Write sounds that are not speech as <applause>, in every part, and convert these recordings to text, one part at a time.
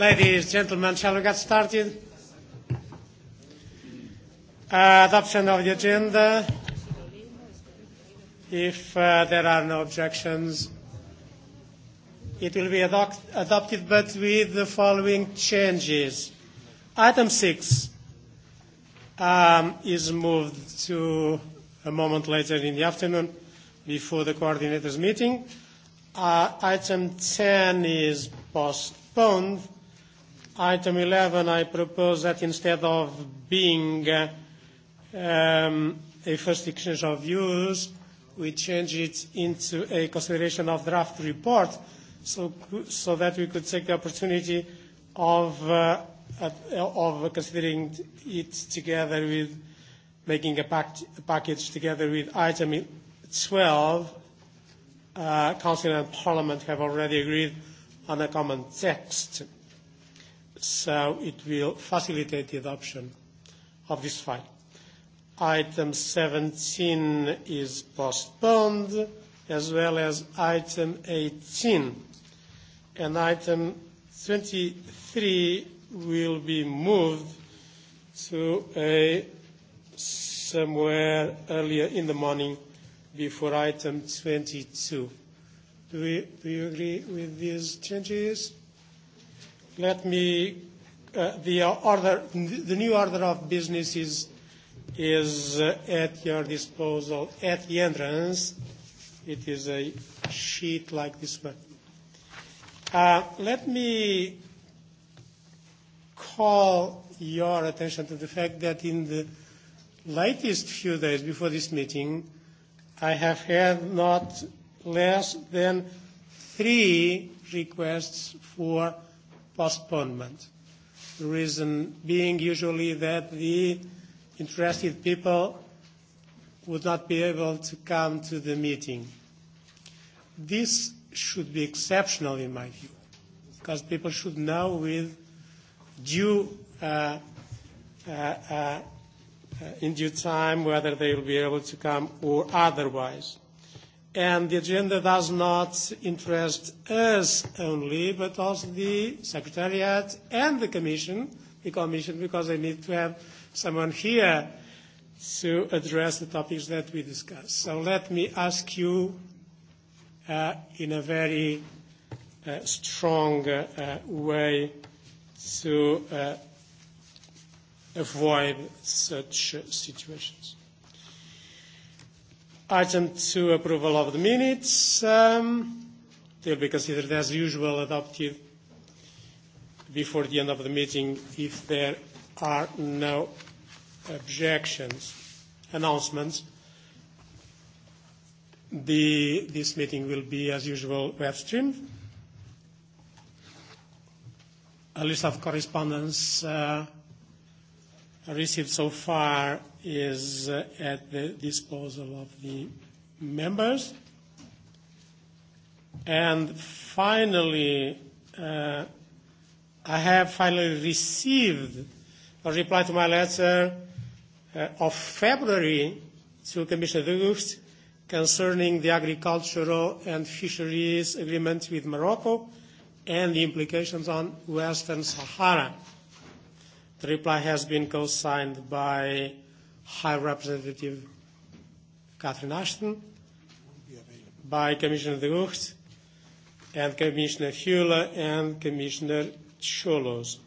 Ladies, gentlemen, shall we get started? Uh, adoption of the agenda. If uh, there are no objections, it will be adopt adopted, but with the following changes. Item 6 um, is moved to a moment later in the afternoon before the coordinators' meeting. Uh, item 10 is postponed Item 11, I propose that instead of being uh, um, a first exchange of views, we change it into a consideration of draft report so, so that we could take the opportunity of, uh, of considering it together with making a, pack, a package together with item 12. Uh, Council and Parliament have already agreed on a common text so it will facilitate the adoption of this file. Item 17 is postponed, as well as item 18. And item 23 will be moved to a somewhere earlier in the morning before item 22. Do, we, do you agree with these changes? Let me, uh, the order, the new order of business is, is uh, at your disposal at the entrance. It is a sheet like this one. Uh, let me call your attention to the fact that in the latest few days before this meeting, I have had not less than three requests for postponement. The reason being usually that the interested people would not be able to come to the meeting. This should be exceptional in my view, because people should know with due, uh, uh, uh, uh in due time whether they will be able to come or otherwise. And the agenda does not interest us only, but also the Secretariat and the Commission, the Commission, because they need to have someone here to address the topics that we discuss. So let me ask you uh, in a very uh, strong uh, way to uh, avoid such situations. Item two, approval of the minutes. Um, they'll be considered as usual, adopted before the end of the meeting if there are no objections. Announcements. this meeting will be, as usual, web streamed. A list of correspondence uh, received so far is at the disposal of the members. And finally, uh, I have finally received a reply to my letter uh, of February to Commissioner de Gucht concerning the agricultural and fisheries agreement with Morocco and the implications on Western Sahara. The reply has been co-signed by High Representative Catherine Ashton, by Commissioner de Gucht, and Commissioner Hula and Commissioner Cholos,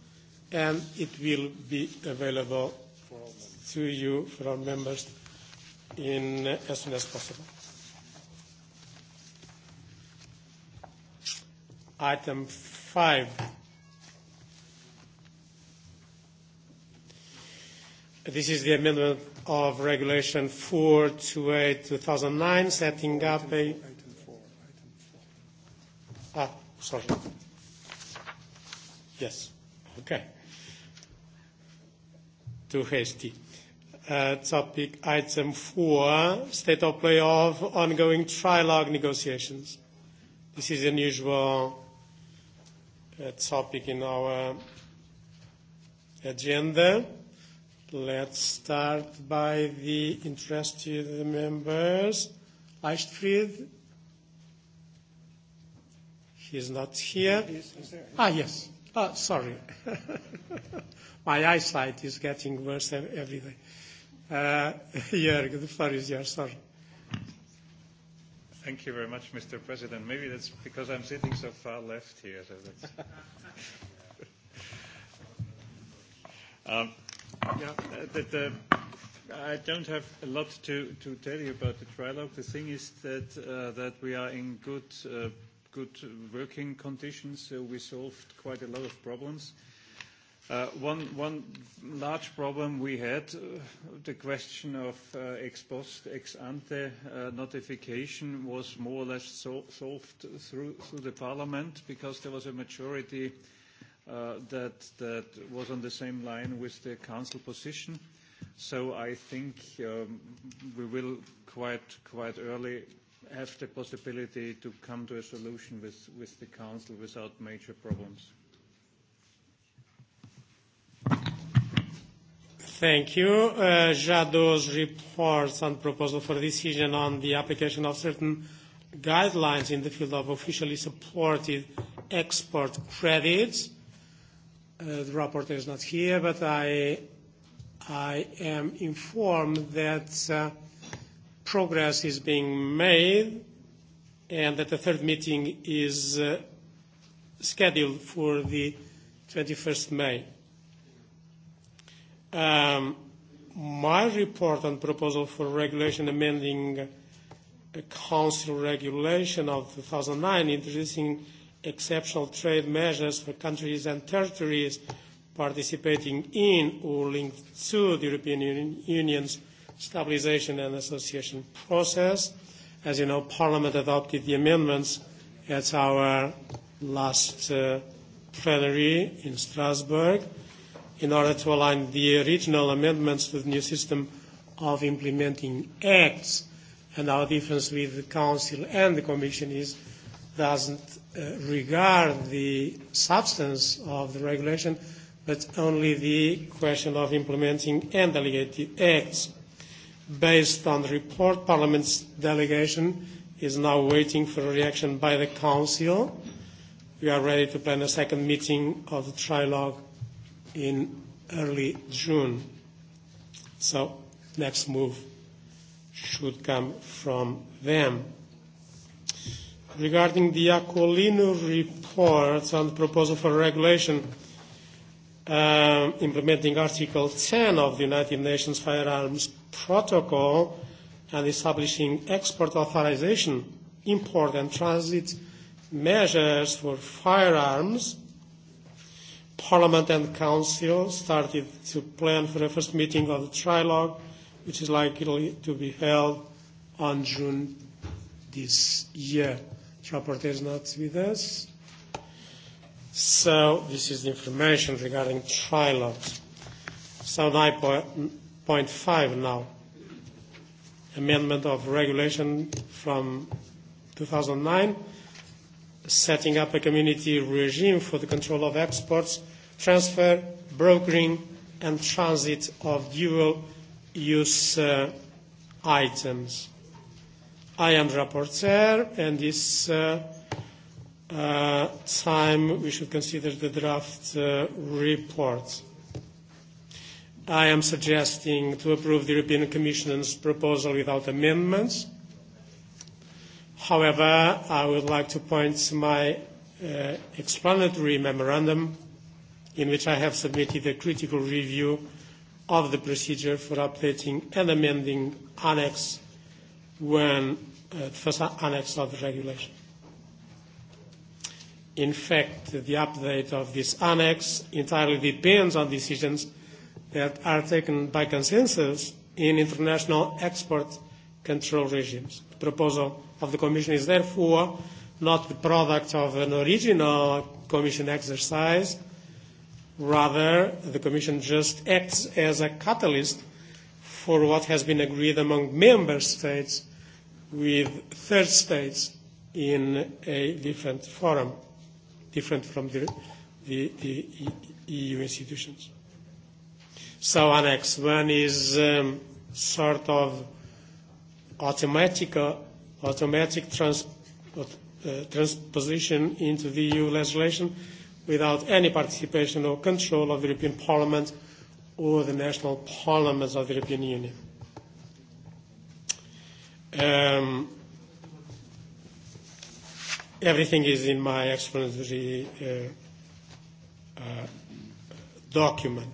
and it will be available to you from members in uh, as soon as possible. Item five This is the amendment of Regulation 428-2009, setting up a... four, item four. Ah, sorry. Yes. Okay. Too hasty. Uh, topic item four, state of play of ongoing trilogue negotiations. This is an unusual uh, topic in our agenda. Let's start by the interested members. Eichfried? He's not here. He is, he's there. Ah, yes. Ah, sorry. <laughs> My eyesight is getting worse e-, every day. Uh, <laughs> Jörg, the floor is yours. Sorry. Thank you very much, Mr. President. Maybe that's because I'm sitting so far left here. So that's <laughs> um, Yeah, uh, uh, I don't have a lot to, tell you about the trilogue. The thing is that, uh, we are in good, working conditions. So we solved quite a lot of problems. one, large problem we had, the question of ex post, ex ante notification was more or less solved through, the parliament because there was a majority Uh, that, that was on the same line with the council position. So I think um, we will quite, quite early have the possibility to come to a solution with, with the council without major problems. Thank you. Uh, Jadot's reports and proposal for decision on the application of certain guidelines in the field of officially supported export credits. Uh, the rapporteur is not here, but I, I am informed that uh, progress is being made and that the third meeting is uh, scheduled for the 21st May. Um, my report on proposal for regulation amending a council regulation of 2009 introducing exceptional trade measures for countries and territories participating in or linked to the European Union's stabilisation and association process. As you know, Parliament adopted the amendments at our last uh, plenary in Strasbourg in order to align the original amendments to the new system of implementing acts. And our difference with the Council and the Commission is doesn't Uh, regard the substance of the regulation, but only the question of implementing and delegated acts. Based on the report, Parliament's delegation is now waiting for a reaction by the Council. We are ready to plan a second meeting of the trilogue in early June. So next move should come from them regarding the Aquilino report on the proposal for regulation uh, implementing Article 10 of the United Nations Firearms Protocol and establishing export authorization, import and transit measures for firearms, Parliament and Council started to plan for the first meeting of the trilogue, which is likely to be held on June this year. Rapporteur is not with us. So this is the information regarding trilogues. So 9.5 now. Amendment of regulation from 2009 setting up a community regime for the control of exports, transfer, brokering, and transit of dual use uh, items. I am the rapporteur, and this uh, uh, time we should consider the draft uh, report. I am suggesting to approve the European Commission's proposal without amendments. However, I would like to point to my uh, explanatory memorandum in which I have submitted a critical review of the procedure for updating and amending Annex when uh, first annex of the regulation. In fact, the update of this annex entirely depends on decisions that are taken by consensus in international export control regimes. The proposal of the Commission is therefore not the product of an original Commission exercise. Rather, the Commission just acts as a catalyst for what has been agreed among Member States with third states in a different forum, different from the, the, the EU e institutions. So Annex 1 is um, sort of automatic, uh, automatic trans, uh, transposition into the EU legislation without any participation or control of the European Parliament or the national parliaments of the European Union. Um, everything is in my explanatory uh, uh, document.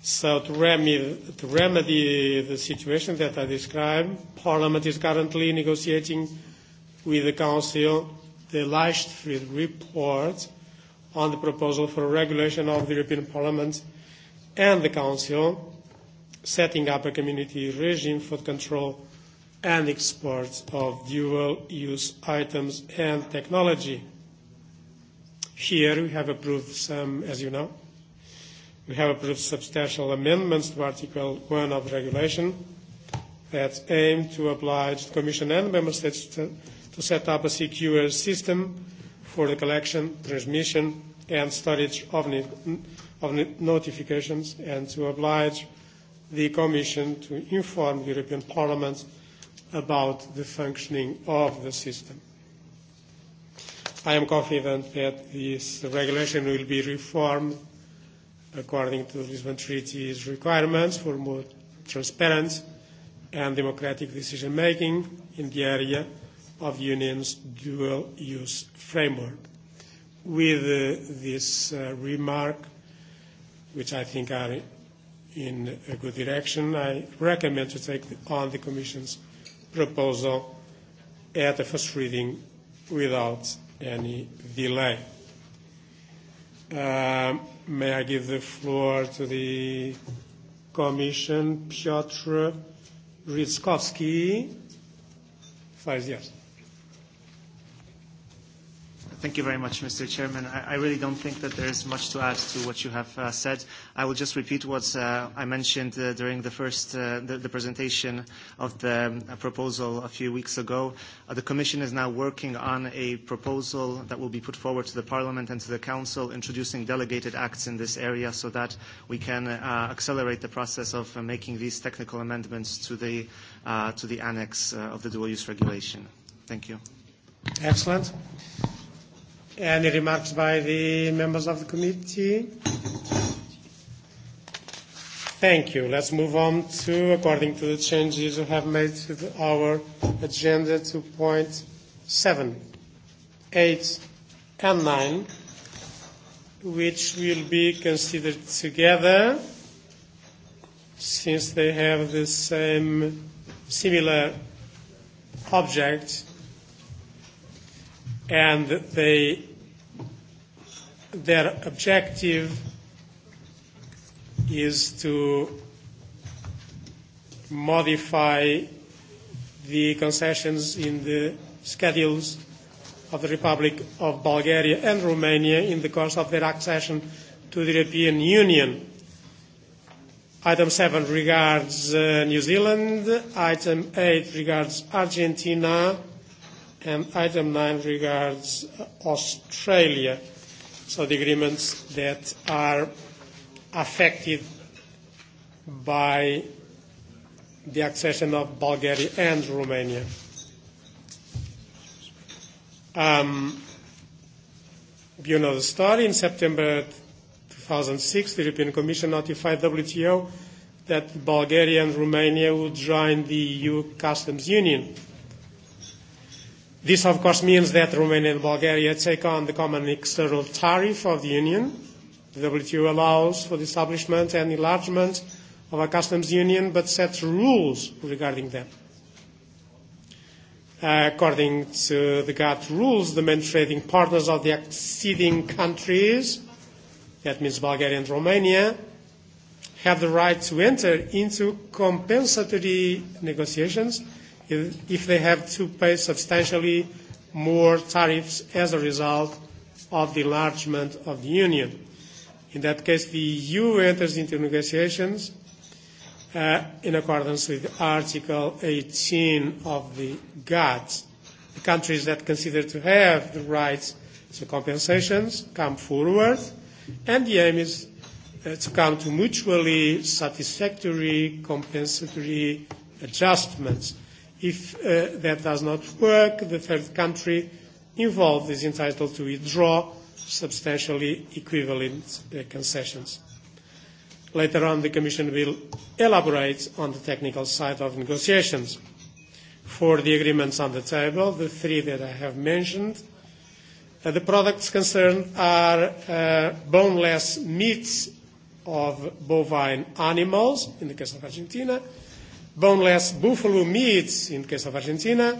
So to remedy, to remedy the situation that I described, Parliament is currently negotiating with the Council the Leichtfried report on the proposal for a regulation of the European Parliament and the Council setting up a community regime for the control and exports of dual-use items and technology. Here we have approved some, as you know, we have approved substantial amendments to Article 1 of the regulation that aim to oblige the Commission and Member States to, to set up a secure system for the collection, transmission and storage of, of notifications and to oblige the Commission to inform the European Parliament about the functioning of the system. I am confident that this regulation will be reformed according to the Lisbon Treaty's requirements for more transparent and democratic decision making in the area of the Union's dual use framework. With uh, this uh, remark, which I think are in a good direction, I recommend to take on the Commission's proposal at the first reading without any delay. Uh, may I give the floor to the Commission, Piotr Ryskowski? Five years. Thank you very much, Mr. Chairman. I, I really don't think that there is much to add to what you have uh, said. I will just repeat what uh, I mentioned uh, during the first uh, the, the presentation of the um, proposal a few weeks ago. Uh, the Commission is now working on a proposal that will be put forward to the Parliament and to the Council, introducing delegated acts in this area so that we can uh, accelerate the process of uh, making these technical amendments to the uh, to the annex uh, of the dual use regulation. Thank you. Excellent. Any remarks by the members of the committee? Thank you. Let's move on to, according to the changes we have made to the, our agenda, to point seven, eight, and nine, which will be considered together since they have the same similar object and they their objective is to modify the concessions in the schedules of the Republic of Bulgaria and Romania in the course of their accession to the European Union. Item 7 regards uh, New Zealand, item 8 regards Argentina, and item 9 regards uh, Australia. So the agreements that are affected by the accession of Bulgaria and Romania. Um, you know the story. In September 2006, the European Commission notified WTO that Bulgaria and Romania would join the EU customs union This, of course, means that Romania and Bulgaria take on the common external tariff of the Union. The WTO allows for the establishment and enlargement of a customs union, but sets rules regarding them. Uh, according to the GATT rules, the main trading partners of the acceding countries, that means Bulgaria and Romania, have the right to enter into compensatory negotiations if, they have to pay substantially more tariffs as a result of the enlargement of the Union. In that case, the EU enters into negotiations uh, in accordance with Article 18 of the GATT. The countries that consider to have the rights to compensations come forward, and the aim is uh, to come to mutually satisfactory compensatory adjustments If uh, that does not work, the third country involved is entitled to withdraw substantially equivalent uh, concessions. Later on, the Commission will elaborate on the technical side of negotiations. For the agreements on the table, the three that I have mentioned, uh, the products concerned are uh, boneless meats of bovine animals, in the case of Argentina, boneless buffalo meats in the case of Argentina,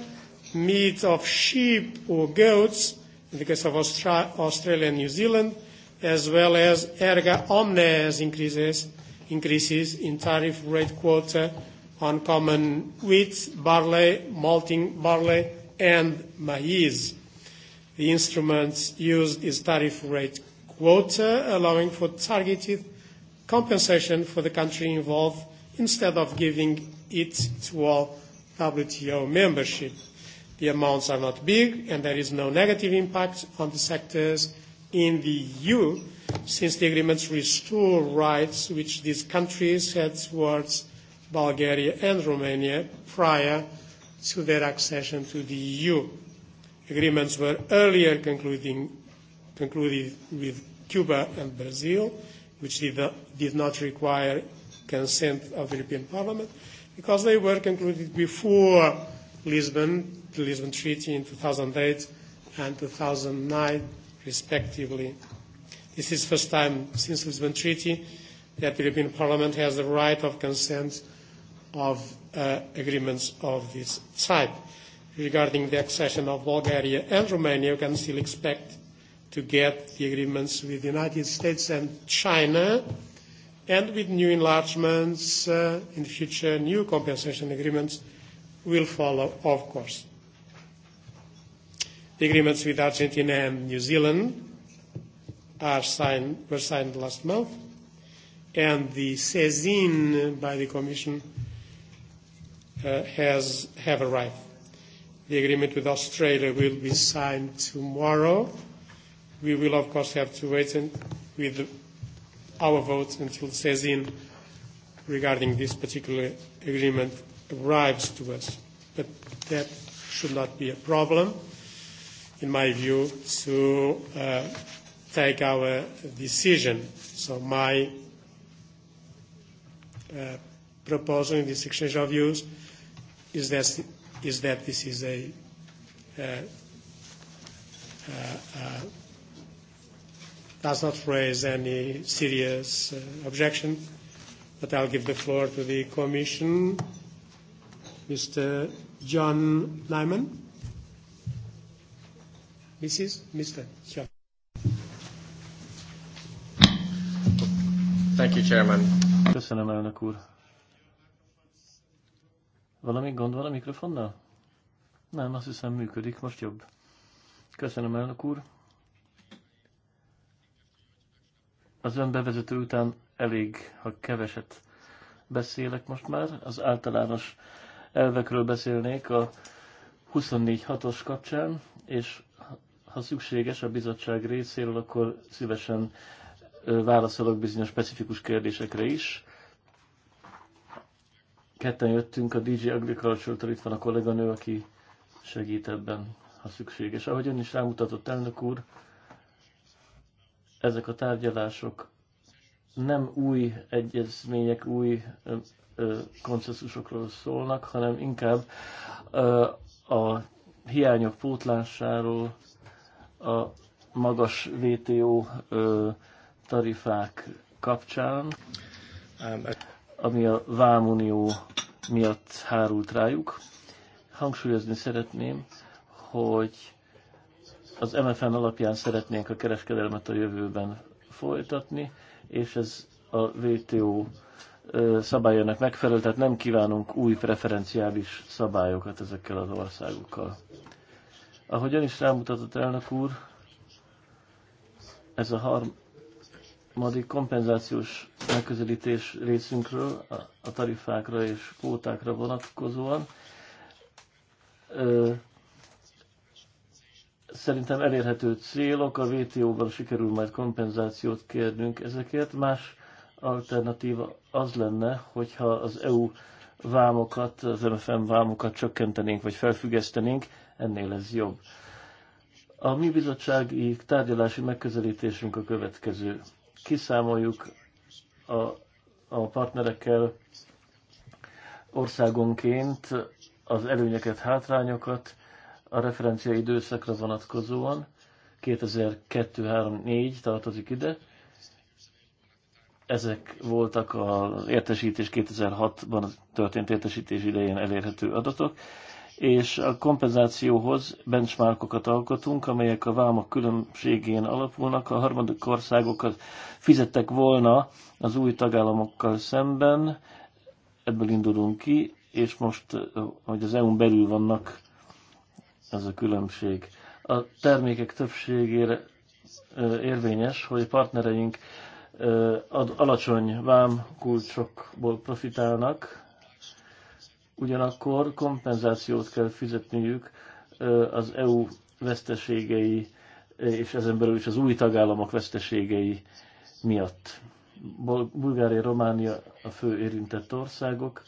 meat of sheep or goats in the case of Austra- Australia and New Zealand, as well as erga omnes increases, increases in tariff rate quota on common wheat, barley, malting barley, and maize. The instrument used is tariff rate quota, allowing for targeted compensation for the country involved instead of giving it dual WTO membership. The amounts are not big, and there is no negative impact on the sectors in the EU, since the agreements restore rights which these countries had towards Bulgaria and Romania prior to their accession to the EU. Agreements were earlier concluding, concluded with Cuba and Brazil, which did not, did not require consent of the European Parliament, because they were concluded before Lisbon, the Lisbon Treaty in 2008 and 2009, respectively. This is the first time since the Lisbon Treaty that the European Parliament has the right of consent of uh, agreements of this type. Regarding the accession of Bulgaria and Romania, we can still expect to get the agreements with the United States and China and with new enlargements uh, in the future, new compensation agreements will follow, of course. The agreements with Argentina and New Zealand are signed, were signed last month, and the CESIN by the Commission uh, has have arrived. The agreement with Australia will be signed tomorrow. We will, of course, have to wait and with our votes until CESIN regarding this particular agreement arrives to us. But that should not be a problem, in my view, to uh, take our decision. So my uh, proposal in this exchange of views is that, is that this is a uh, uh, uh, does not raise any serious uh, objection, but I'll give the floor to the Commission. Mr. John Lyman? Mrs. Mr. John. Thank you, Chairman. Köszönöm, elnök úr. Valami gond van a mikrofonnal? Nem, azt hiszem működik, most jobb. Köszönöm, elnök úr. Az önbevezető után elég, ha keveset beszélek most már. Az általános elvekről beszélnék a 6 os kapcsán, és ha szükséges a bizottság részéről, akkor szívesen válaszolok bizonyos specifikus kérdésekre is. Ketten jöttünk a DJ Agriculture-től, itt van a kolléganő, aki segít ebben, ha szükséges. Ahogy ön is rámutatott, elnök úr, ezek a tárgyalások nem új egyezmények, új konszenzusokról szólnak, hanem inkább a hiányok pótlásáról, a magas VTO tarifák kapcsán, um, ami a Vámunió miatt hárult rájuk. Hangsúlyozni szeretném, hogy az MFN alapján szeretnénk a kereskedelmet a jövőben folytatni, és ez a WTO szabályának megfelel, tehát nem kívánunk új preferenciális szabályokat ezekkel az országokkal. Ahogy ön is rámutatott elnök úr, ez a harmadik kompenzációs megközelítés részünkről a tarifákra és kvótákra vonatkozóan Szerintem elérhető célok, a WTO-ban sikerül majd kompenzációt kérnünk ezekért. Más alternatíva az lenne, hogyha az EU vámokat, az MFM vámokat csökkentenénk, vagy felfüggesztenénk, ennél ez jobb. A mi bizottsági tárgyalási megközelítésünk a következő. Kiszámoljuk a, a partnerekkel országonként az előnyeket, hátrányokat, a referencia időszakra vonatkozóan, 2002-3-4 tartozik ide, ezek voltak az értesítés 2006-ban történt értesítés idején elérhető adatok, és a kompenzációhoz benchmarkokat alkotunk, amelyek a vámok különbségén alapulnak. A harmadik országokat fizettek volna az új tagállamokkal szemben, ebből indulunk ki, és most, hogy az EU-n belül vannak ez a különbség. A termékek többségére érvényes, hogy partnereink alacsony vámkulcsokból profitálnak, ugyanakkor kompenzációt kell fizetniük az EU veszteségei, és ezen belül is az új tagállamok veszteségei miatt. Bulgária, Románia a fő érintett országok,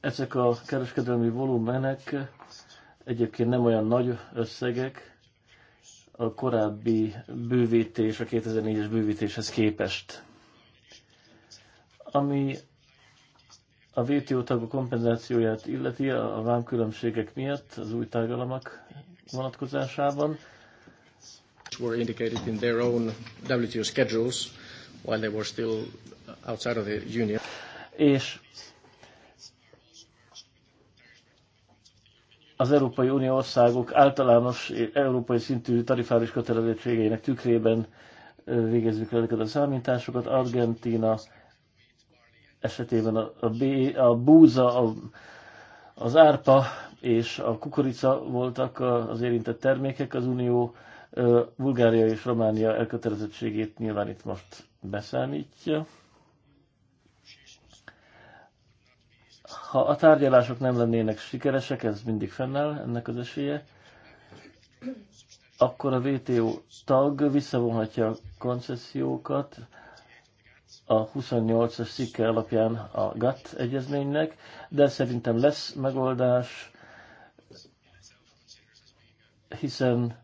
Ezek a kereskedelmi volumenek egyébként nem olyan nagy összegek, a korábbi bővítés, a 2004-es bővítéshez képest. Ami a WTO tagok kompenzációját illeti a vámkülönbségek miatt az új tagállamok vonatkozásában. were indicated in their own WTO schedules while they were still outside of the union. És az Európai Unió országok általános európai szintű tarifális kötelezettségeinek tükrében végezzük el ezeket a számításokat. Argentina esetében a, a, B, a búza, a, az árpa és a kukorica voltak az érintett termékek. Az Unió Bulgária és Románia elkötelezettségét nyilván itt most beszámítja. Ha a tárgyalások nem lennének sikeresek, ez mindig fennáll, ennek az esélye, akkor a VTO tag visszavonhatja a koncesziókat a 28-as szikke alapján a GATT egyezménynek, de szerintem lesz megoldás, hiszen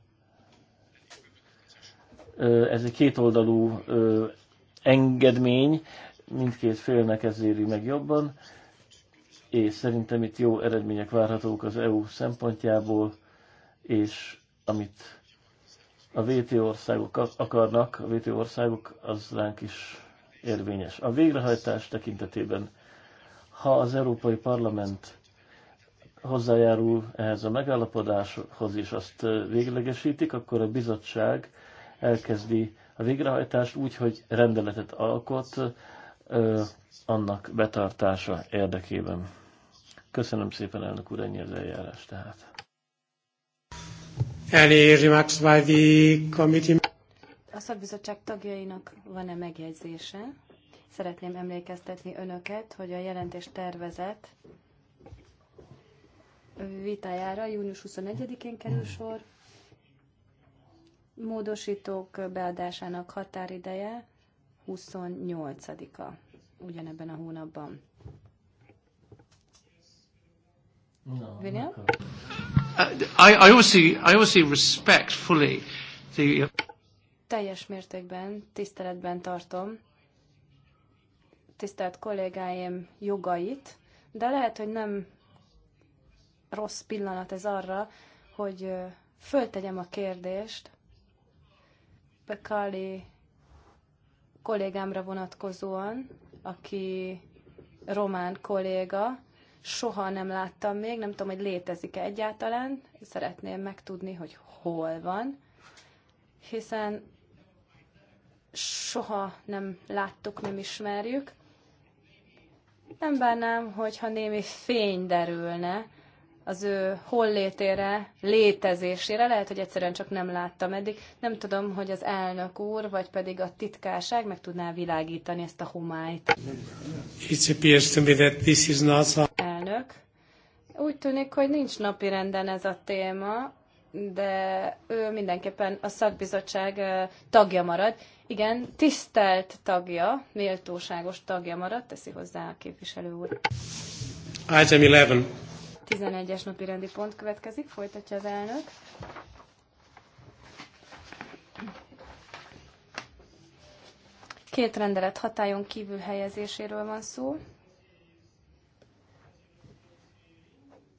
ez egy kétoldalú engedmény, mindkét félnek ez éri meg jobban, és szerintem itt jó eredmények várhatók az EU szempontjából, és amit a VTO országok akarnak, a VTO országok, az ránk is érvényes. A végrehajtás tekintetében, ha az Európai Parlament hozzájárul ehhez a megállapodáshoz, és azt véglegesítik, akkor a bizottság elkezdi a végrehajtást úgy, hogy rendeletet alkot ö, annak betartása érdekében. Köszönöm szépen, elnök úr, ennyi az eljárás tehát. Any remarks by the committee? A szakbizottság tagjainak van-e megjegyzése? Szeretném emlékeztetni önöket, hogy a jelentés tervezet vitájára június 21-én kerül sor. Módosítók beadásának határideje 28-a ugyanebben a hónapban. William? I, obviously, respect fully the... Uh, Teljes mértékben, tiszteletben tartom tisztelt kollégáim jogait, de lehet, hogy nem rossz pillanat ez arra, hogy föltegyem a kérdést Pekali kollégámra vonatkozóan, aki román kolléga, soha nem láttam még, nem tudom, hogy létezik-e egyáltalán. Szeretném megtudni, hogy hol van, hiszen soha nem láttuk, nem ismerjük. Nem bánnám, hogyha némi fény derülne az ő hollétére, létezésére, lehet, hogy egyszerűen csak nem láttam eddig. Nem tudom, hogy az elnök úr, vagy pedig a titkárság meg tudná világítani ezt a homályt. is Elnök, úgy tűnik, hogy nincs napi renden ez a téma, de ő mindenképpen a szakbizottság tagja marad. Igen, tisztelt tagja, méltóságos tagja marad, teszi hozzá a képviselő úr. Item 11. 11-es napi rendi pont következik, folytatja az elnök. Két rendelet hatályon kívül helyezéséről van szó.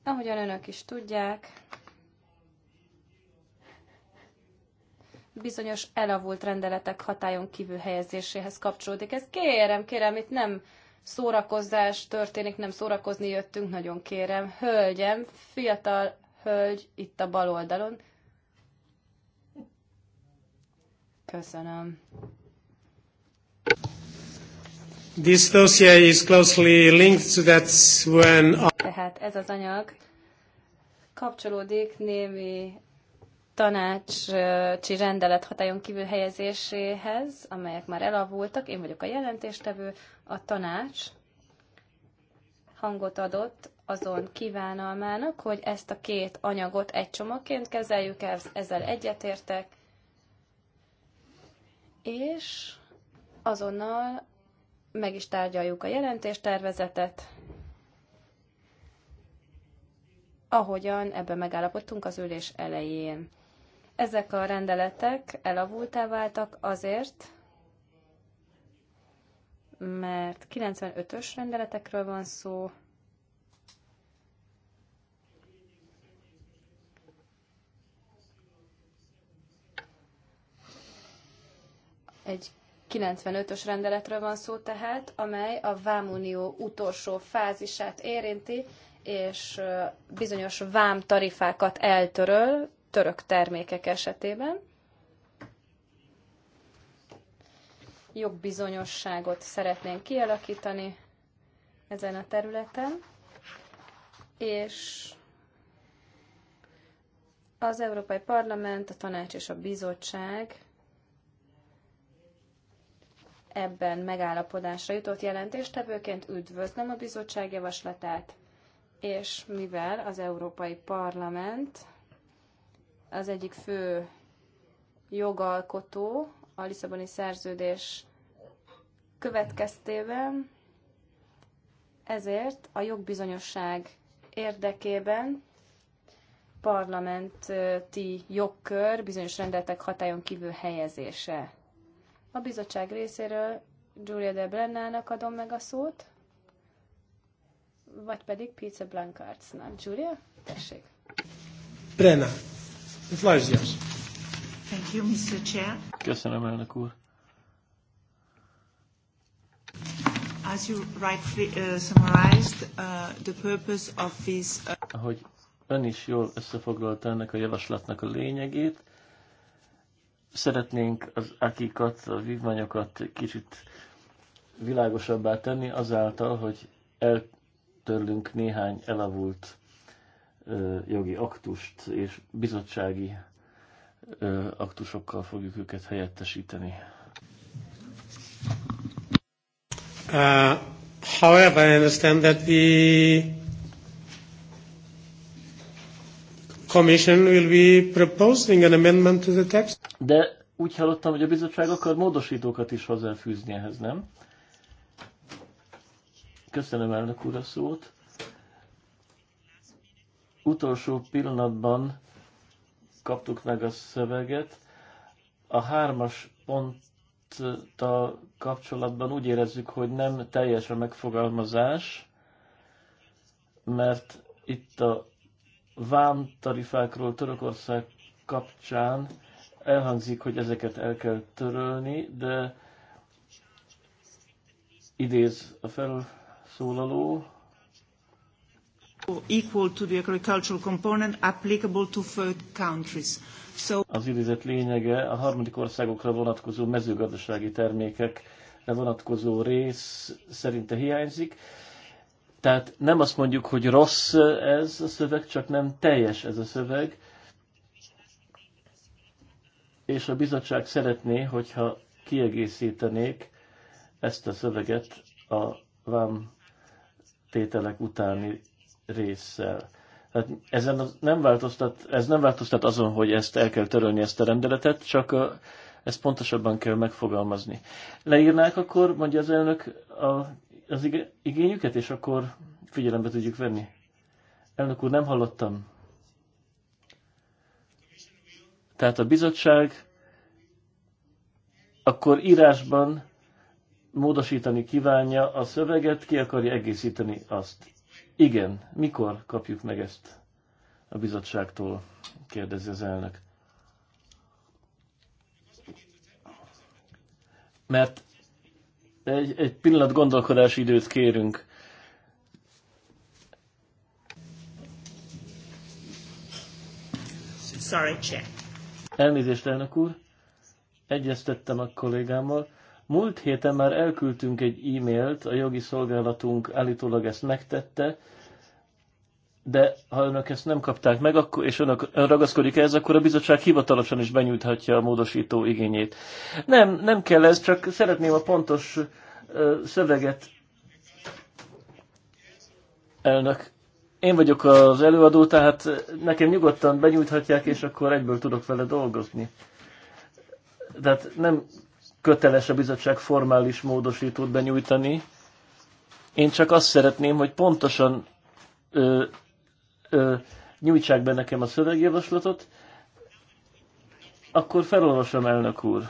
Ahogyan önök is tudják, bizonyos elavult rendeletek hatályon kívül helyezéséhez kapcsolódik. Ez kérem, kérem, itt nem szórakozás történik, nem szórakozni jöttünk, nagyon kérem. Hölgyem, fiatal hölgy itt a bal oldalon. Köszönöm. This dossier is closely linked to that when... Tehát ez az anyag kapcsolódik némi tanácsi rendelet hatályon kívül helyezéséhez, amelyek már elavultak, én vagyok a jelentéstevő, a tanács hangot adott azon kívánalmának, hogy ezt a két anyagot egy csomagként kezeljük, ezzel egyetértek, és azonnal meg is tárgyaljuk a jelentéstervezetet, ahogyan ebben megállapodtunk az ülés elején. Ezek a rendeletek elavultá váltak azért, mert 95-ös rendeletekről van szó, egy 95-ös rendeletről van szó tehát, amely a vámunió utolsó fázisát érinti, és bizonyos vám tarifákat eltöröl, török termékek esetében. Jogbizonyosságot szeretnénk kialakítani ezen a területen, és az Európai Parlament, a Tanács és a Bizottság ebben megállapodásra jutott jelentéstevőként üdvözlöm a bizottság javaslatát, és mivel az Európai Parlament az egyik fő jogalkotó a Lisszaboni szerződés következtében, ezért a jogbizonyosság érdekében parlamenti jogkör bizonyos rendeletek hatályon kívül helyezése. A bizottság részéről Julia de Brennának adom meg a szót, vagy pedig Pizza Blancartsnak. Julia, tessék. Brenna, The floor is yours. Thank you, Mr. Chair. Köszönöm, elnök úr. As you rightly uh, summarized, uh, the purpose of this... Uh... Ahogy ön is jól összefoglalta ennek a javaslatnak a lényegét, szeretnénk az akikat, a vívmányokat kicsit világosabbá tenni azáltal, hogy eltörlünk néhány elavult jogi aktust, és bizottsági aktusokkal fogjuk őket helyettesíteni. Uh, however, I understand that the Commission will be proposing an amendment to the text. De úgy hallottam, hogy a bizottság akar módosítókat is hozzáfűzni ehhez, nem? Köszönöm elnök úr a szót utolsó pillanatban kaptuk meg a szöveget. A hármas ponttal kapcsolatban úgy érezzük, hogy nem teljes a megfogalmazás, mert itt a vám tarifákról Törökország kapcsán elhangzik, hogy ezeket el kell törölni, de idéz a felszólaló, equal to the agricultural component applicable to third countries. So... Az idézet lényege a harmadik országokra vonatkozó mezőgazdasági termékekre vonatkozó rész szerinte hiányzik. Tehát nem azt mondjuk, hogy rossz ez a szöveg, csak nem teljes ez a szöveg. És a bizottság szeretné, hogyha kiegészítenék ezt a szöveget a vám tételek utáni résszel. Tehát ezen az nem változtat, ez nem változtat azon, hogy ezt el kell törölni, ezt a rendeletet, csak a, ezt pontosabban kell megfogalmazni. Leírnák akkor, mondja az elnök, a, az igényüket, és akkor figyelembe tudjuk venni. Elnök úr, nem hallottam. Tehát a bizottság akkor írásban módosítani kívánja a szöveget, ki akarja egészíteni azt. Igen, mikor kapjuk meg ezt a bizottságtól, kérdezi az elnök. Mert egy, egy pillanat gondolkodási időt kérünk. Sorry, check. Elnézést, elnök úr. Egyeztettem a kollégámmal. Múlt héten már elküldtünk egy e-mailt, a jogi szolgálatunk állítólag ezt megtette, de ha önök ezt nem kapták meg, akkor, és önök ön ragaszkodik ez, akkor a bizottság hivatalosan is benyújthatja a módosító igényét. Nem, nem kell ez, csak szeretném a pontos ö, szöveget. Elnök, én vagyok az előadó, tehát nekem nyugodtan benyújthatják, és akkor egyből tudok vele dolgozni. Tehát nem köteles a bizottság formális módosítót benyújtani. Én csak azt szeretném, hogy pontosan ö, ö, nyújtsák be nekem a szövegjavaslatot, akkor felolvasom, elnök úr.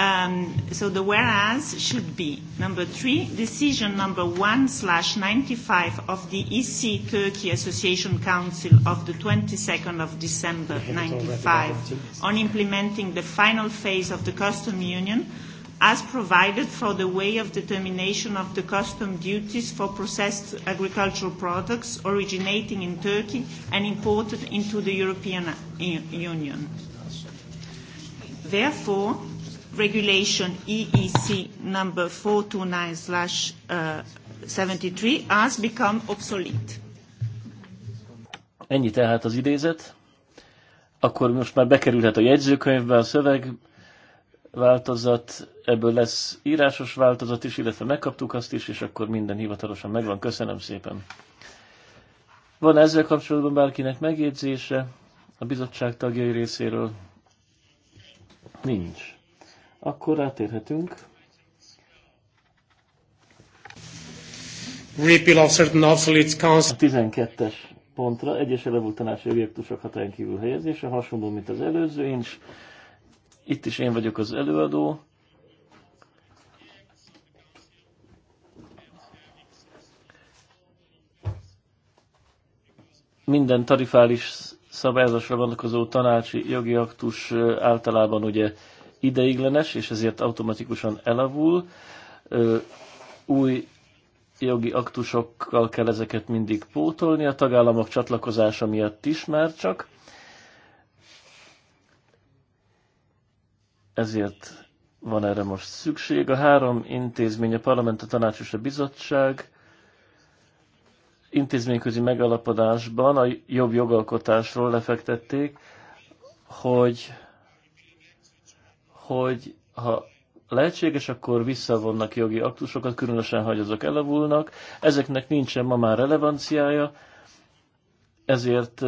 Um, so the whereas should be number three, decision number one slash 95 of the EC Turkey Association Council of the 22nd of December 95 on implementing the final phase of the custom union as provided for the way of determination of the custom duties for processed agricultural products originating in Turkey and imported into the European Union. Therefore, Regulation EEC number 429/73 uh, has become obsolete. Ennyi tehát az idézet. Akkor most már bekerülhet a jegyzőkönyvbe a szöveg változat, ebből lesz írásos változat is, illetve megkaptuk azt is, és akkor minden hivatalosan megvan. Köszönöm szépen. Van ezzel kapcsolatban bárkinek megjegyzése a bizottság tagjai részéről? Nincs. Akkor rátérhetünk. Repeal of certain obsolete council. A 12-es pontra egyes elevú tanácsi objektusok hatályon kívül helyezése, hasonló, mint az előző. Én is, itt is én vagyok az előadó. Minden tarifális szabályozásra vonatkozó tanácsi jogi aktus általában ugye ideiglenes, és ezért automatikusan elavul. Új jogi aktusokkal kell ezeket mindig pótolni, a tagállamok csatlakozása miatt is már csak. Ezért van erre most szükség. A három intézmény, a parlament, a tanács és a bizottság intézményközi megalapodásban a jobb jogalkotásról lefektették, hogy hogy ha lehetséges, akkor visszavonnak jogi aktusokat, különösen, ha azok elavulnak. Ezeknek nincsen ma már relevanciája, ezért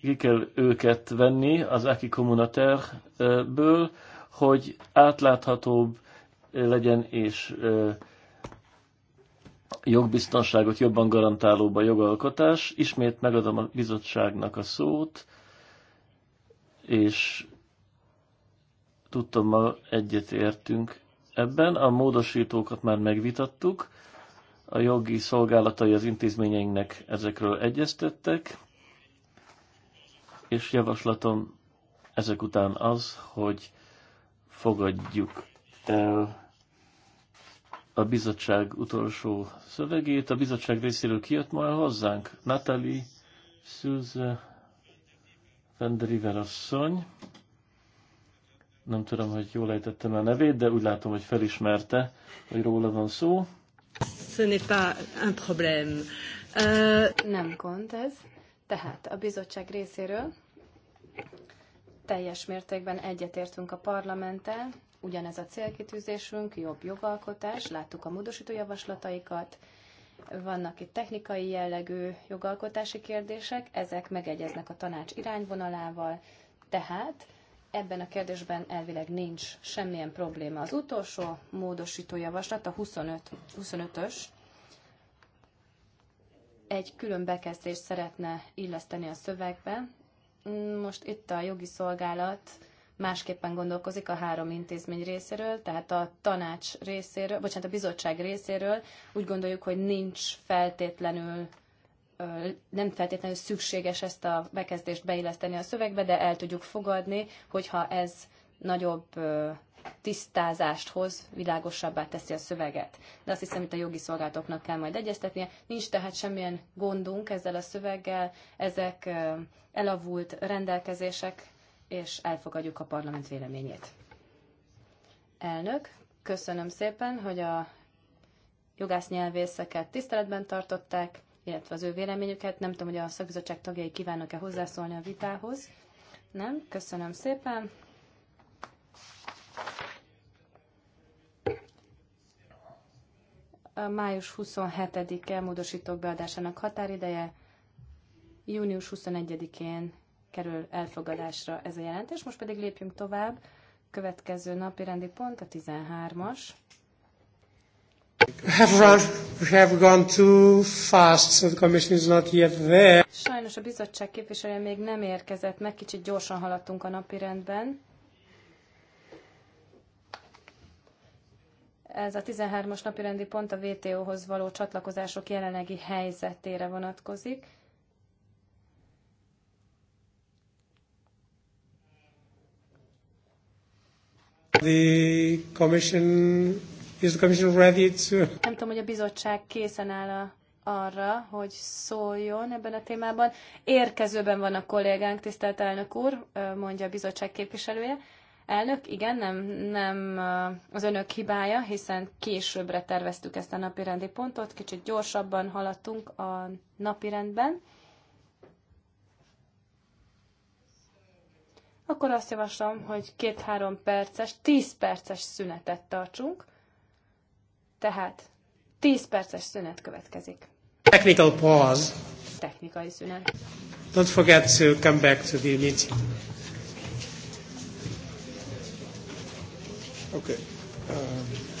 ki kell őket venni az Aki Communataire-ből, hogy átláthatóbb legyen és jogbiztonságot jobban garantálóbb a jogalkotás. Ismét megadom a bizottságnak a szót, és Tudtam egyet értünk ebben. A módosítókat már megvitattuk, a jogi szolgálatai az intézményeinknek ezekről egyeztettek, és javaslatom ezek után az, hogy fogadjuk el a bizottság utolsó szövegét. A bizottság részéről kijött ma el hozzánk Natalie Szűze Vendriver asszony. Nem tudom, hogy jól ejtettem a nevét, de úgy látom, hogy felismerte, hogy róla van szó. Ce n'est pas un problème. Uh... Nem gond ez. Tehát a bizottság részéről teljes mértékben egyetértünk a parlamenttel, ugyanez a célkitűzésünk, jobb jogalkotás, láttuk a módosító javaslataikat, vannak itt technikai jellegű jogalkotási kérdések, ezek megegyeznek a tanács irányvonalával, tehát ebben a kérdésben elvileg nincs semmilyen probléma. Az utolsó módosító javaslat, a 25, 25-ös, egy külön bekezdést szeretne illeszteni a szövegbe. Most itt a jogi szolgálat másképpen gondolkozik a három intézmény részéről, tehát a tanács részéről, bocsánat, a bizottság részéről. Úgy gondoljuk, hogy nincs feltétlenül nem feltétlenül szükséges ezt a bekezdést beilleszteni a szövegbe, de el tudjuk fogadni, hogyha ez nagyobb tisztázást hoz, világosabbá teszi a szöveget. De azt hiszem, itt a jogi szolgálatoknak kell majd egyeztetnie. Nincs tehát semmilyen gondunk ezzel a szöveggel, ezek elavult rendelkezések, és elfogadjuk a parlament véleményét. Elnök, köszönöm szépen, hogy a jogásznyelvészeket tiszteletben tartották illetve az ő véleményüket. Nem tudom, hogy a szakbizottság tagjai kívánnak-e hozzászólni a vitához. Nem? Köszönöm szépen. A május 27-e módosítók beadásának határideje, június 21-én kerül elfogadásra ez a jelentés. Most pedig lépjünk tovább. Következő napi rendi pont a 13-as. Have run, have gone too fast, so the commission is not yet there. Sajnos a bizottság képviselője még nem érkezett, meg kicsit gyorsan haladtunk a napirendben. Ez a 13-as napirendi pont a WTO-hoz való csatlakozások jelenlegi helyzetére vonatkozik. The commission is the commission ready to... Nem tudom, hogy a bizottság készen áll a, arra, hogy szóljon ebben a témában. Érkezőben van a kollégánk, tisztelt elnök úr, mondja a bizottság képviselője. Elnök, igen, nem, nem az önök hibája, hiszen későbbre terveztük ezt a napirendi pontot, kicsit gyorsabban haladtunk a napirendben. Akkor azt javaslom, hogy két-három perces, tíz perces szünetet tartsunk. Tehát 10 perces szünet következik. Technical pause. Technikai szünet. Don't forget to come back to the meeting. Okay. Um...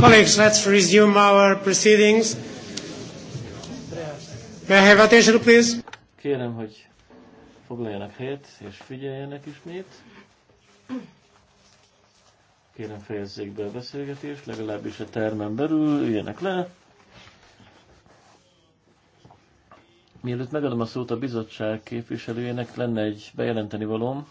Colleagues, let's resume our proceedings. May I have attention, please? Kérem, hogy foglaljanak helyet, és figyeljenek ismét. Kérem, fejezzék be a beszélgetést, legalábbis a termen belül, üljenek le. Mielőtt megadom a szót a bizottság képviselőjének, lenne egy bejelenteni valóm.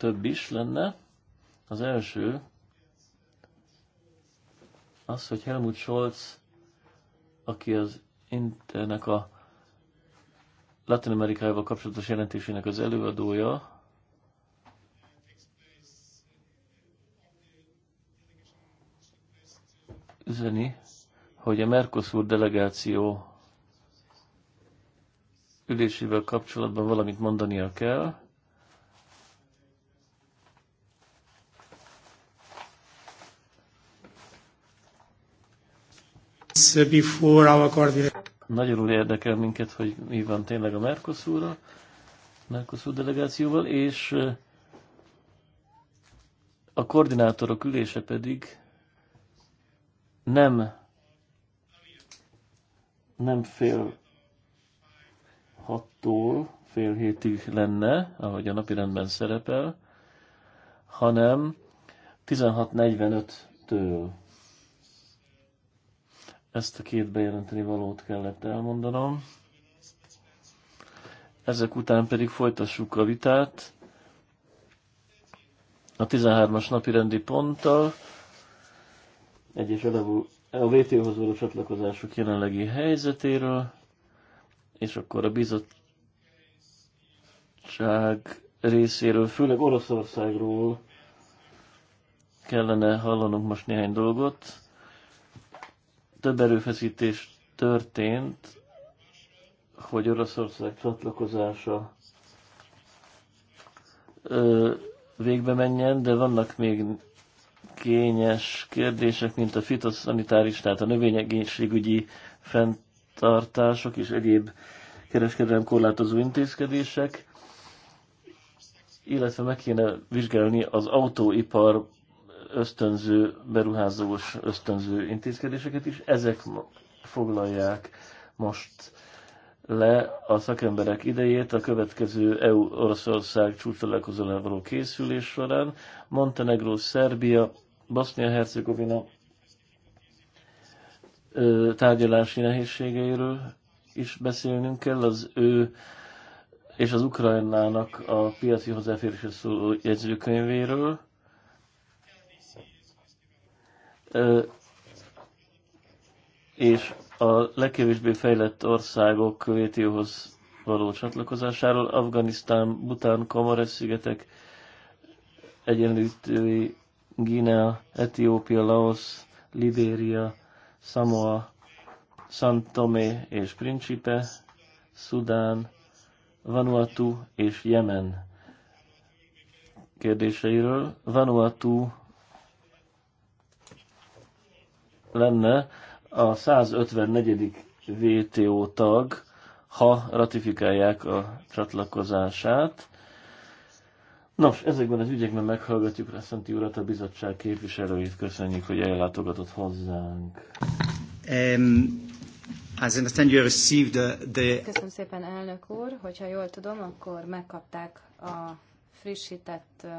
több is lenne. Az első az, hogy Helmut Scholz, aki az Internek a Latin Amerikával kapcsolatos jelentésének az előadója, üzeni, hogy a Mercosur delegáció ülésével kapcsolatban valamit mondania kell. before our coordinator. Nagyon érdekel minket, hogy mi van tényleg a Mercosurral, Mercosur delegációval, és a koordinátorok ülése pedig nem nem fél hattól fél hétig lenne, ahogy a rendben szerepel, hanem 16.45-től ezt a két bejelenteni valót kellett elmondanom. Ezek után pedig folytassuk a vitát a 13-as napi rendi ponttal, egyes elevú, a WTO-hoz való csatlakozások jelenlegi helyzetéről, és akkor a bizottság részéről, főleg Oroszországról kellene hallanunk most néhány dolgot több erőfeszítés történt, hogy Oroszország csatlakozása ö, végbe menjen, de vannak még kényes kérdések, mint a fitoszanitáris, tehát a növényegészségügyi fenntartások és egyéb kereskedelem korlátozó intézkedések, illetve meg kéne vizsgálni az autóipar ösztönző, beruházós ösztönző intézkedéseket is. Ezek foglalják most le a szakemberek idejét a következő EU-Oroszország csúcsalálkozóra való készülés során. Montenegró, Szerbia, Bosznia-Hercegovina tárgyalási nehézségeiről is beszélnünk kell. Az ő és az Ukrajnának a piaci hozzáférésre szóló jegyzőkönyvéről és a legkevésbé fejlett országok WTO-hoz való csatlakozásáról, Afganisztán, Bután, Kamares-szigetek, Egyenlítői, Guinea, Etiópia, Laos, Libéria, Samoa, San Tomé és Principe, Szudán, Vanuatu és Jemen kérdéseiről. Vanuatu lenne a 154. WTO tag, ha ratifikálják a csatlakozását. Nos, ezekben az ügyekben meghallgatjuk Reszenti urat, a bizottság képviselőit. Köszönjük, hogy ellátogatott hozzánk. Um, as I understand you received the, the... Köszönöm szépen, elnök úr. Hogyha jól tudom, akkor megkapták a frissített uh,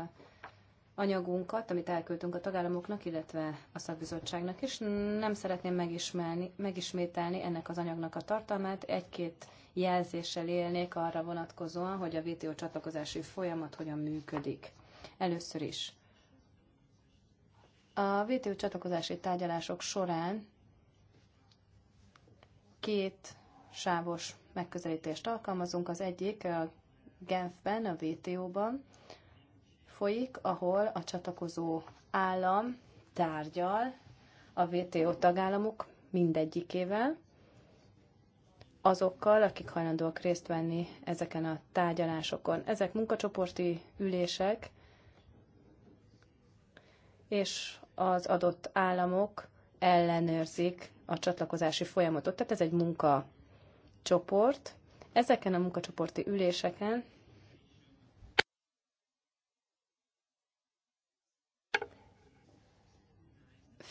anyagunkat, amit elküldtünk a tagállamoknak, illetve a szakbizottságnak is. Nem szeretném megismerni, megismételni ennek az anyagnak a tartalmát. Egy-két jelzéssel élnék arra vonatkozóan, hogy a VTO csatlakozási folyamat hogyan működik. Először is. A VTO csatlakozási tárgyalások során két sávos megközelítést alkalmazunk. Az egyik a Genfben, a VTO-ban, folyik, ahol a csatlakozó állam tárgyal a WTO tagállamok mindegyikével, azokkal, akik hajlandóak részt venni ezeken a tárgyalásokon. Ezek munkacsoporti ülések, és az adott államok ellenőrzik a csatlakozási folyamatot. Tehát ez egy munkacsoport. Ezeken a munkacsoporti üléseken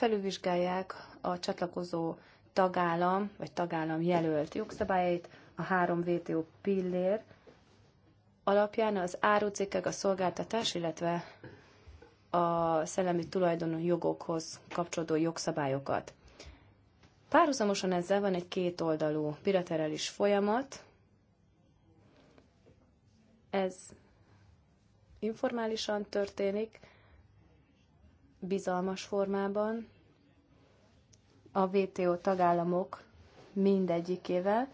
felülvizsgálják a csatlakozó tagállam vagy tagállam jelölt jogszabályait, a három WTO pillér alapján az árucikkek, a szolgáltatás, illetve a szellemi tulajdonú jogokhoz kapcsolódó jogszabályokat. Párhuzamosan ezzel van egy kétoldalú bilaterális folyamat. Ez informálisan történik, bizalmas formában a WTO tagállamok mindegyikével,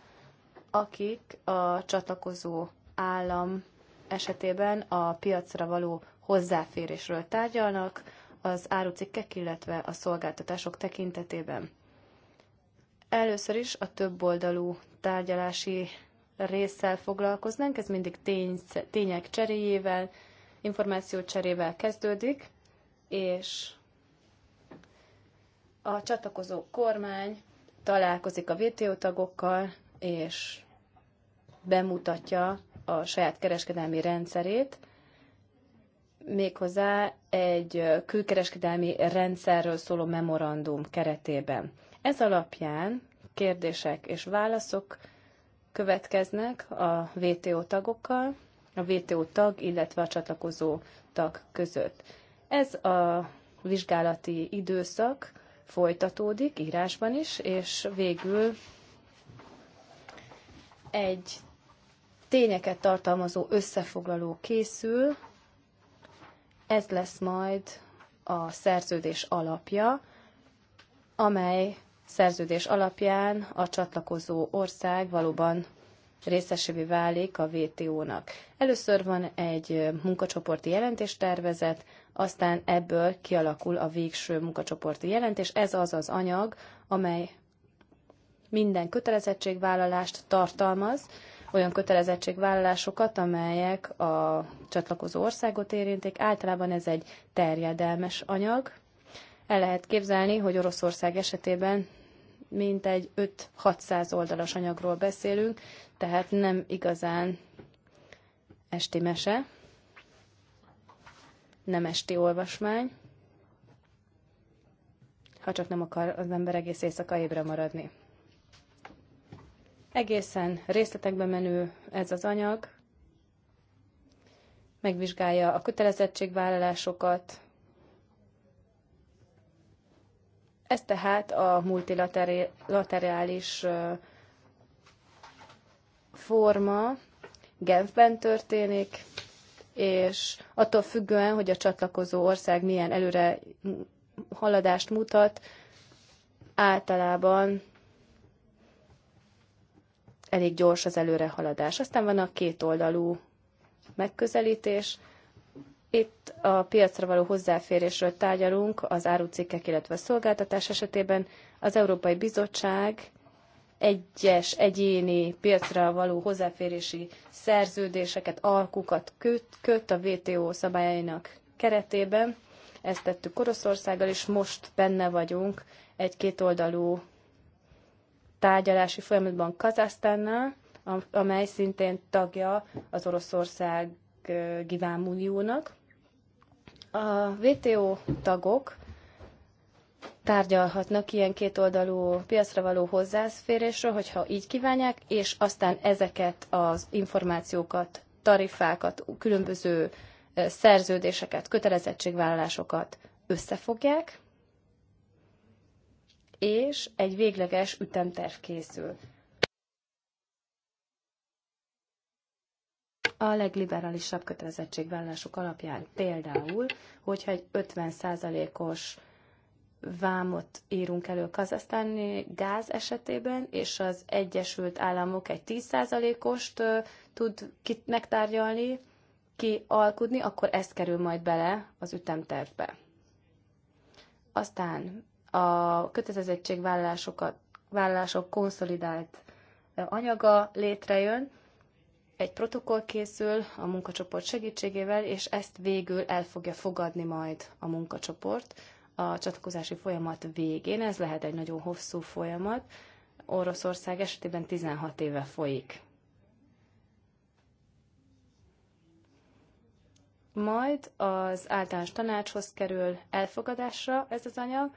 akik a csatlakozó állam esetében a piacra való hozzáférésről tárgyalnak az árucikkek, illetve a szolgáltatások tekintetében. Először is a többoldalú tárgyalási résszel foglalkoznánk, ez mindig tény, tények cseréjével, információ cserével kezdődik, és a csatlakozó kormány találkozik a WTO tagokkal, és bemutatja a saját kereskedelmi rendszerét, méghozzá egy külkereskedelmi rendszerről szóló memorandum keretében. Ez alapján kérdések és válaszok következnek a WTO tagokkal, a WTO tag, illetve a csatlakozó tag között. Ez a vizsgálati időszak folytatódik írásban is, és végül egy tényeket tartalmazó összefoglaló készül, ez lesz majd a szerződés alapja, amely szerződés alapján a csatlakozó ország valóban részesévé válik a WTO-nak. Először van egy munkacsoporti jelentéstervezet, aztán ebből kialakul a végső munkacsoporti jelentés. Ez az az anyag, amely minden kötelezettségvállalást tartalmaz, olyan kötelezettségvállalásokat, amelyek a csatlakozó országot érintik. Általában ez egy terjedelmes anyag. El lehet képzelni, hogy Oroszország esetében mintegy 5-600 oldalas anyagról beszélünk, tehát nem igazán esti mese nem esti olvasmány, ha csak nem akar az ember egész éjszaka ébre maradni. Egészen részletekbe menő ez az anyag, megvizsgálja a kötelezettségvállalásokat, ez tehát a multilaterális forma Genfben történik, és attól függően, hogy a csatlakozó ország milyen előre haladást mutat, általában elég gyors az előrehaladás. Aztán van a kétoldalú megközelítés. Itt a piacra való hozzáférésről tárgyalunk az árucikkek, illetve a szolgáltatás esetében. Az Európai Bizottság egyes egyéni piacra való hozzáférési szerződéseket, alkukat köt, köt a WTO szabályainak keretében. Ezt tettük Oroszországgal, és most benne vagyunk egy kétoldalú tárgyalási folyamatban Kazasztánnal, amely szintén tagja az Oroszország Givámuniónak. A WTO tagok tárgyalhatnak ilyen kétoldalú piacra való hozzáférésről, hogyha így kívánják, és aztán ezeket az információkat, tarifákat, különböző szerződéseket, kötelezettségvállalásokat összefogják, és egy végleges ütemterv készül. a legliberálisabb kötelezettségvállalások alapján. Például, hogyha egy 50%-os vámot írunk elő kazasztáni gáz esetében, és az Egyesült Államok egy 10%-ost tud kit megtárgyalni, ki alkudni, akkor ez kerül majd bele az ütemtervbe. Aztán a kötelezettségvállalásokat, vállalások konszolidált anyaga létrejön, egy protokoll készül a munkacsoport segítségével, és ezt végül el fogja fogadni majd a munkacsoport, a csatlakozási folyamat végén. Ez lehet egy nagyon hosszú folyamat. Oroszország esetében 16 éve folyik. Majd az általános tanácshoz kerül elfogadásra ez az anyag,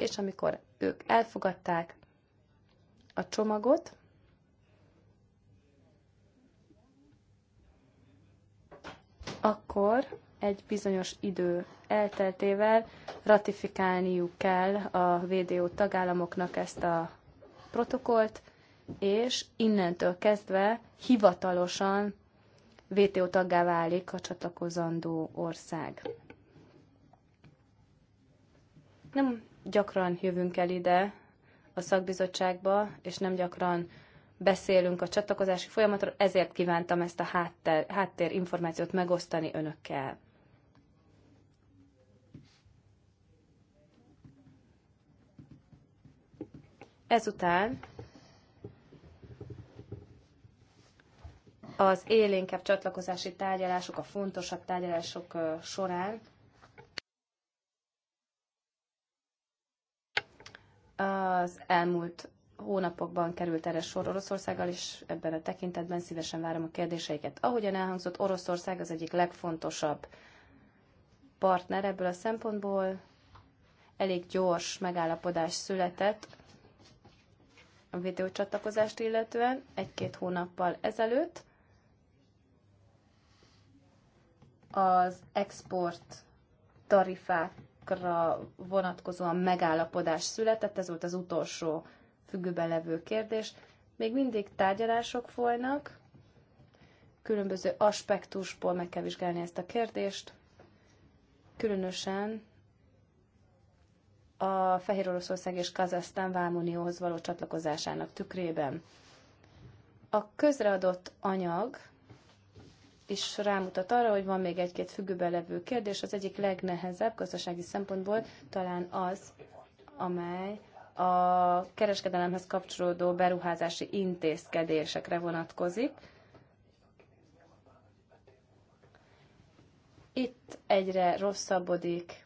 és amikor ők elfogadták a csomagot, akkor egy bizonyos idő elteltével ratifikálniuk kell a VDO tagállamoknak ezt a protokolt, és innentől kezdve hivatalosan VTO taggá válik a csatlakozandó ország. Nem gyakran jövünk el ide a szakbizottságba, és nem gyakran beszélünk a csatlakozási folyamatról, ezért kívántam ezt a háttér, háttérinformációt megosztani önökkel. Ezután az élénkebb csatlakozási tárgyalások, a fontosabb tárgyalások során az elmúlt hónapokban került erre sor Oroszországgal, és ebben a tekintetben szívesen várom a kérdéseiket. Ahogyan elhangzott, Oroszország az egyik legfontosabb partner ebből a szempontból. Elég gyors megállapodás született a videócsatlakozást illetően egy-két hónappal ezelőtt az export tarifákra vonatkozóan megállapodás született, ez volt az utolsó függőben levő kérdés. Még mindig tárgyalások folynak, különböző aspektusból meg kell vizsgálni ezt a kérdést, különösen a Fehér Oroszország és Kazasztán Vámunióhoz való csatlakozásának tükrében. A közreadott anyag is rámutat arra, hogy van még egy-két függőben levő kérdés. Az egyik legnehezebb gazdasági szempontból talán az, amely a kereskedelemhez kapcsolódó beruházási intézkedésekre vonatkozik. Itt egyre rosszabbodik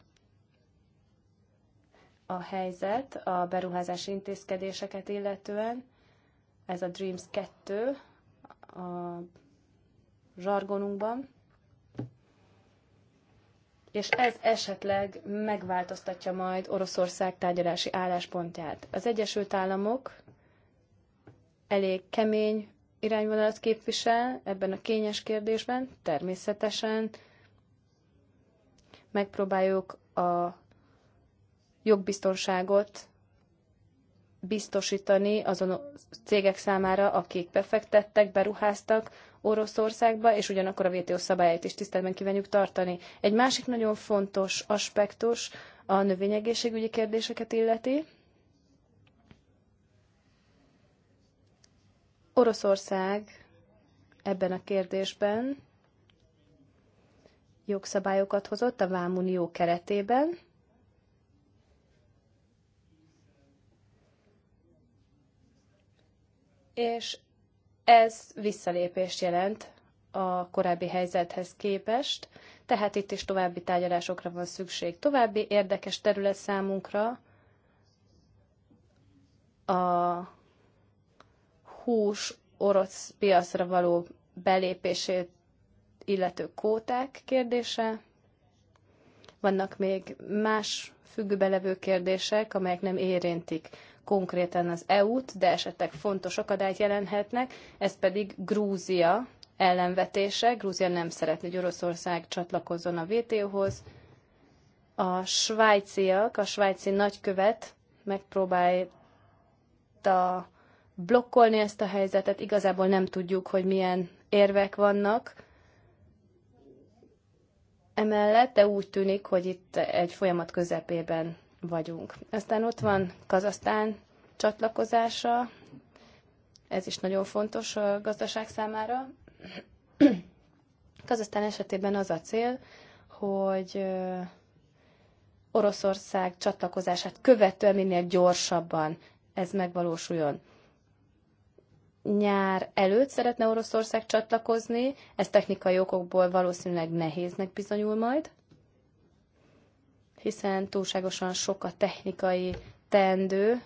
a helyzet a beruházási intézkedéseket illetően. Ez a Dreams 2 a zsargonunkban. És ez esetleg megváltoztatja majd Oroszország tárgyalási álláspontját. Az Egyesült Államok elég kemény irányvonalat képvisel ebben a kényes kérdésben, természetesen megpróbáljuk a jogbiztonságot biztosítani azon cégek számára, akik befektettek, beruháztak Oroszországba, és ugyanakkor a WTO szabályait is tiszteletben kívánjuk tartani. Egy másik nagyon fontos aspektus a növényegészségügyi kérdéseket illeti. Oroszország ebben a kérdésben jogszabályokat hozott a Vámunió keretében, és ez visszalépést jelent a korábbi helyzethez képest, tehát itt is további tárgyalásokra van szükség. További érdekes terület számunkra a hús orosz piacra való belépését illető kóták kérdése. Vannak még más függőbelevő kérdések, amelyek nem érintik konkrétan az EU-t, de esetleg fontos akadályt jelenthetnek, ez pedig Grúzia ellenvetése. Grúzia nem szeretné, hogy Oroszország csatlakozzon a WTO-hoz. A svájciak, a svájci nagykövet megpróbálta blokkolni ezt a helyzetet. Igazából nem tudjuk, hogy milyen érvek vannak. Emellett, de úgy tűnik, hogy itt egy folyamat közepében vagyunk. Aztán ott van Kazasztán csatlakozása, ez is nagyon fontos a gazdaság számára. <clears throat> Kazasztán esetében az a cél, hogy Oroszország csatlakozását követően minél gyorsabban ez megvalósuljon. Nyár előtt szeretne Oroszország csatlakozni, ez technikai okokból valószínűleg nehéznek bizonyul majd hiszen túlságosan sok a technikai teendő,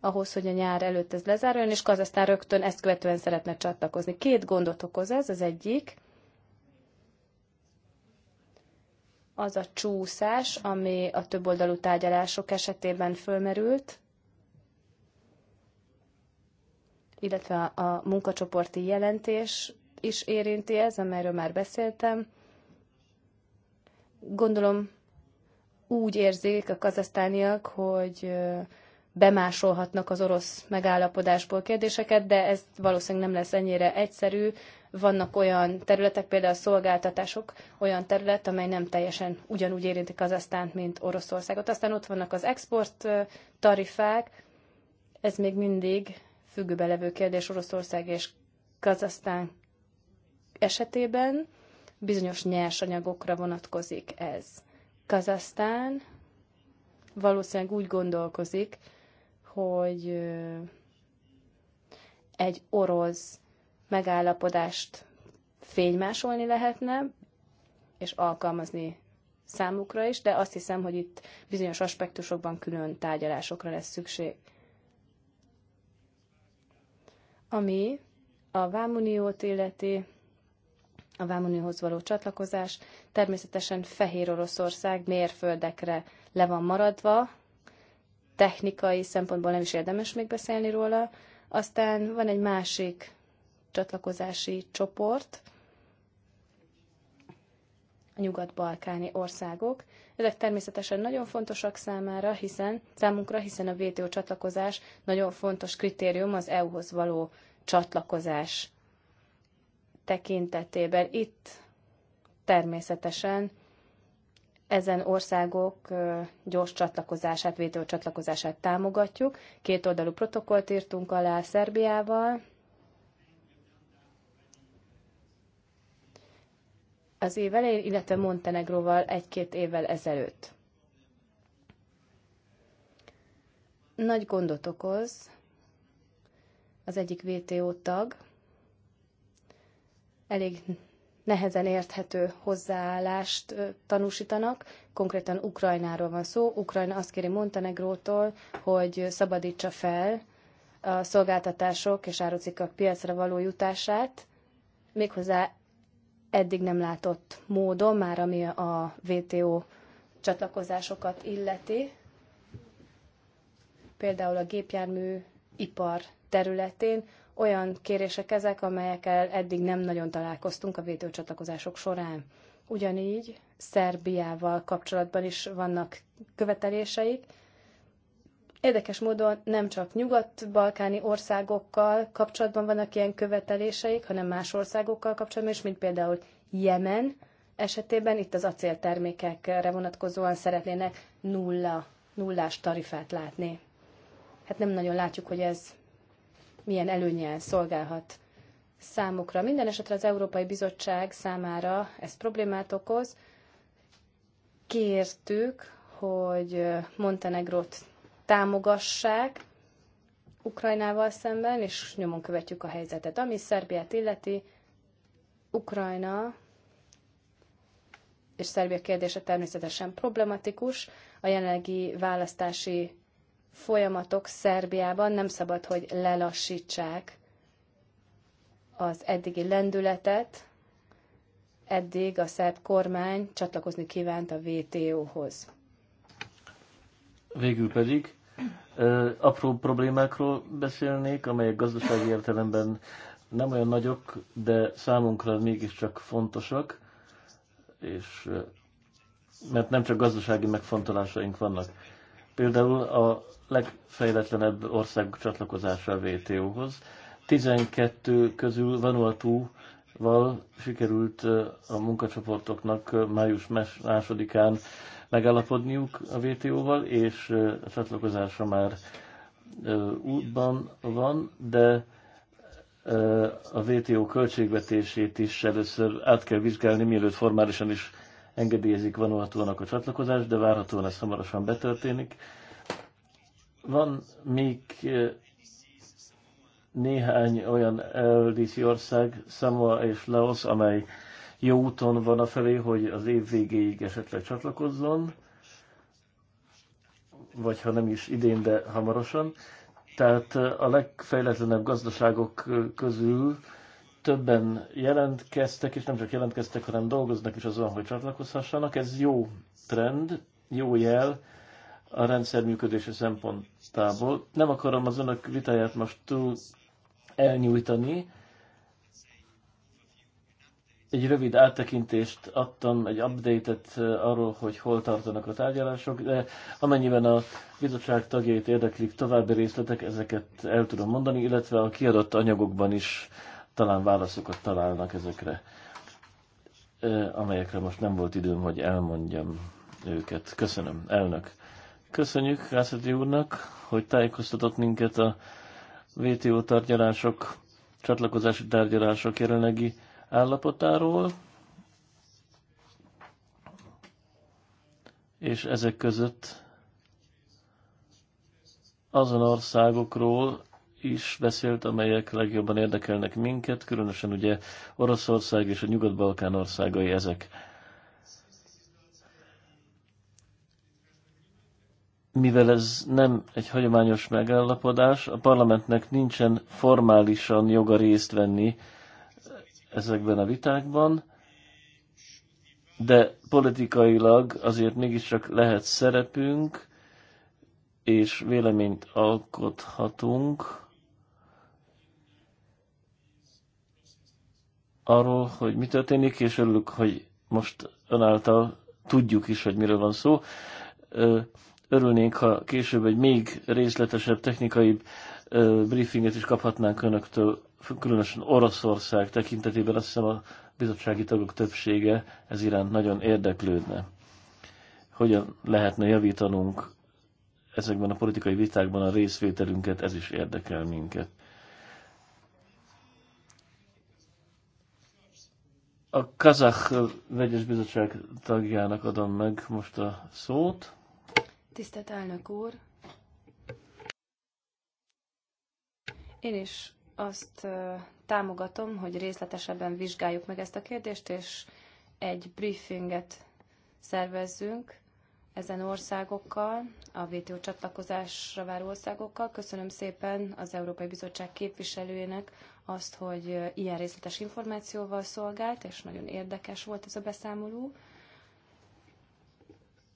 ahhoz, hogy a nyár előtt ez lezáruljon, és Kazasztán rögtön ezt követően szeretne csatlakozni. Két gondot okoz ez, az egyik, az a csúszás, ami a többoldalú tárgyalások esetében fölmerült, illetve a munkacsoporti jelentés is érinti ez, amelyről már beszéltem. Gondolom úgy érzik a kazasztániak, hogy bemásolhatnak az orosz megállapodásból kérdéseket, de ez valószínűleg nem lesz ennyire egyszerű. Vannak olyan területek, például a szolgáltatások, olyan terület, amely nem teljesen ugyanúgy érinti Kazasztánt, mint Oroszországot. Aztán ott vannak az export tarifák, ez még mindig függőbe levő kérdés Oroszország és Kazasztán esetében. Bizonyos nyersanyagokra vonatkozik ez. Kazasztán valószínűleg úgy gondolkozik, hogy egy orosz megállapodást fénymásolni lehetne, és alkalmazni számukra is, de azt hiszem, hogy itt bizonyos aspektusokban külön tárgyalásokra lesz szükség. Ami a vámuniót illeti, a vámunióhoz való csatlakozás, Természetesen Fehér Oroszország mérföldekre le van maradva, technikai szempontból nem is érdemes még beszélni róla. Aztán van egy másik csatlakozási csoport, a nyugat-balkáni országok. Ezek természetesen nagyon fontosak számára, hiszen számunkra, hiszen a WTO csatlakozás nagyon fontos kritérium az EU-hoz való csatlakozás tekintetében. Itt természetesen ezen országok gyors csatlakozását, vétő csatlakozását támogatjuk. Két oldalú protokollt írtunk alá Szerbiával. Az év elején, illetve Montenegróval egy-két évvel ezelőtt. Nagy gondot okoz az egyik VTO tag. Elég nehezen érthető hozzáállást tanúsítanak. Konkrétan Ukrajnáról van szó. Ukrajna azt kéri Montenegrótól, hogy szabadítsa fel a szolgáltatások és árucikkak piacra való jutását, méghozzá eddig nem látott módon, már ami a WTO csatlakozásokat illeti, például a gépjármű ipar területén, olyan kérések ezek, amelyekkel eddig nem nagyon találkoztunk a védőcsatlakozások során. Ugyanígy Szerbiával kapcsolatban is vannak követeléseik. Érdekes módon nem csak nyugat-balkáni országokkal kapcsolatban vannak ilyen követeléseik, hanem más országokkal kapcsolatban is, mint például Jemen esetében itt az acéltermékekre vonatkozóan szeretnének nulla, nullás tarifát látni. Hát nem nagyon látjuk, hogy ez milyen előnyel szolgálhat számukra. Minden esetre az Európai Bizottság számára ez problémát okoz. Kértük, hogy Montenegrot támogassák Ukrajnával szemben, és nyomon követjük a helyzetet. Ami Szerbiát illeti, Ukrajna és Szerbia kérdése természetesen problematikus. A jelenlegi választási folyamatok Szerbiában nem szabad, hogy lelassítsák az eddigi lendületet, eddig a szerb kormány csatlakozni kívánt a WTO-hoz. Végül pedig apró problémákról beszélnék, amelyek gazdasági értelemben nem olyan nagyok, de számunkra mégiscsak fontosak, és mert nem csak gazdasági megfontolásaink vannak. Például a legfejletlenebb ország csatlakozása a WTO-hoz. 12 közül Vanuatu-val sikerült a munkacsoportoknak május másodikán megállapodniuk a WTO-val, és a csatlakozása már útban van, de a WTO költségvetését is először át kell vizsgálni, mielőtt formálisan is engedélyezik Vanuatunak a csatlakozás, de várhatóan ez hamarosan betörténik. Van még eh, néhány olyan LDC ország, Samoa és Laos, amely jó úton van a felé, hogy az év végéig esetleg csatlakozzon, vagy ha nem is idén, de hamarosan. Tehát eh, a legfejletlenebb gazdaságok eh, közül többen jelentkeztek, és nem csak jelentkeztek, hanem dolgoznak is azon, hogy csatlakozhassanak. Ez jó trend, jó jel a rendszer működése szempontából. Nem akarom az önök vitáját most túl elnyújtani. Egy rövid áttekintést adtam, egy update-et eh, arról, hogy hol tartanak a tárgyalások, de amennyiben a bizottság tagjait érdeklik további részletek, ezeket el tudom mondani, illetve a kiadott anyagokban is talán válaszokat találnak ezekre, amelyekre most nem volt időm, hogy elmondjam őket. Köszönöm, elnök. Köszönjük Rászati úrnak, hogy tájékoztatott minket a WTO tárgyalások, csatlakozási tárgyalások jelenlegi állapotáról, és ezek között azon országokról, is beszélt, amelyek legjobban érdekelnek minket, különösen ugye Oroszország és a Nyugat-Balkán országai ezek. Mivel ez nem egy hagyományos megállapodás, a parlamentnek nincsen formálisan joga részt venni ezekben a vitákban, de politikailag azért mégiscsak lehet szerepünk, és véleményt alkothatunk arról, hogy mi történik, és örülök, hogy most önáltal tudjuk is, hogy miről van szó. Örülnénk, ha később egy még részletesebb, technikai briefinget is kaphatnánk önöktől, különösen Oroszország tekintetében azt hiszem a bizottsági tagok többsége ez iránt nagyon érdeklődne. Hogyan lehetne javítanunk ezekben a politikai vitákban a részvételünket, ez is érdekel minket. A Kazakh vegyes bizottság tagjának adom meg most a szót. Tisztelt elnök úr! Én is azt támogatom, hogy részletesebben vizsgáljuk meg ezt a kérdést, és egy briefinget szervezzünk ezen országokkal, a WTO csatlakozásra váró országokkal. Köszönöm szépen az Európai Bizottság képviselőjének azt, hogy ilyen részletes információval szolgált, és nagyon érdekes volt ez a beszámoló.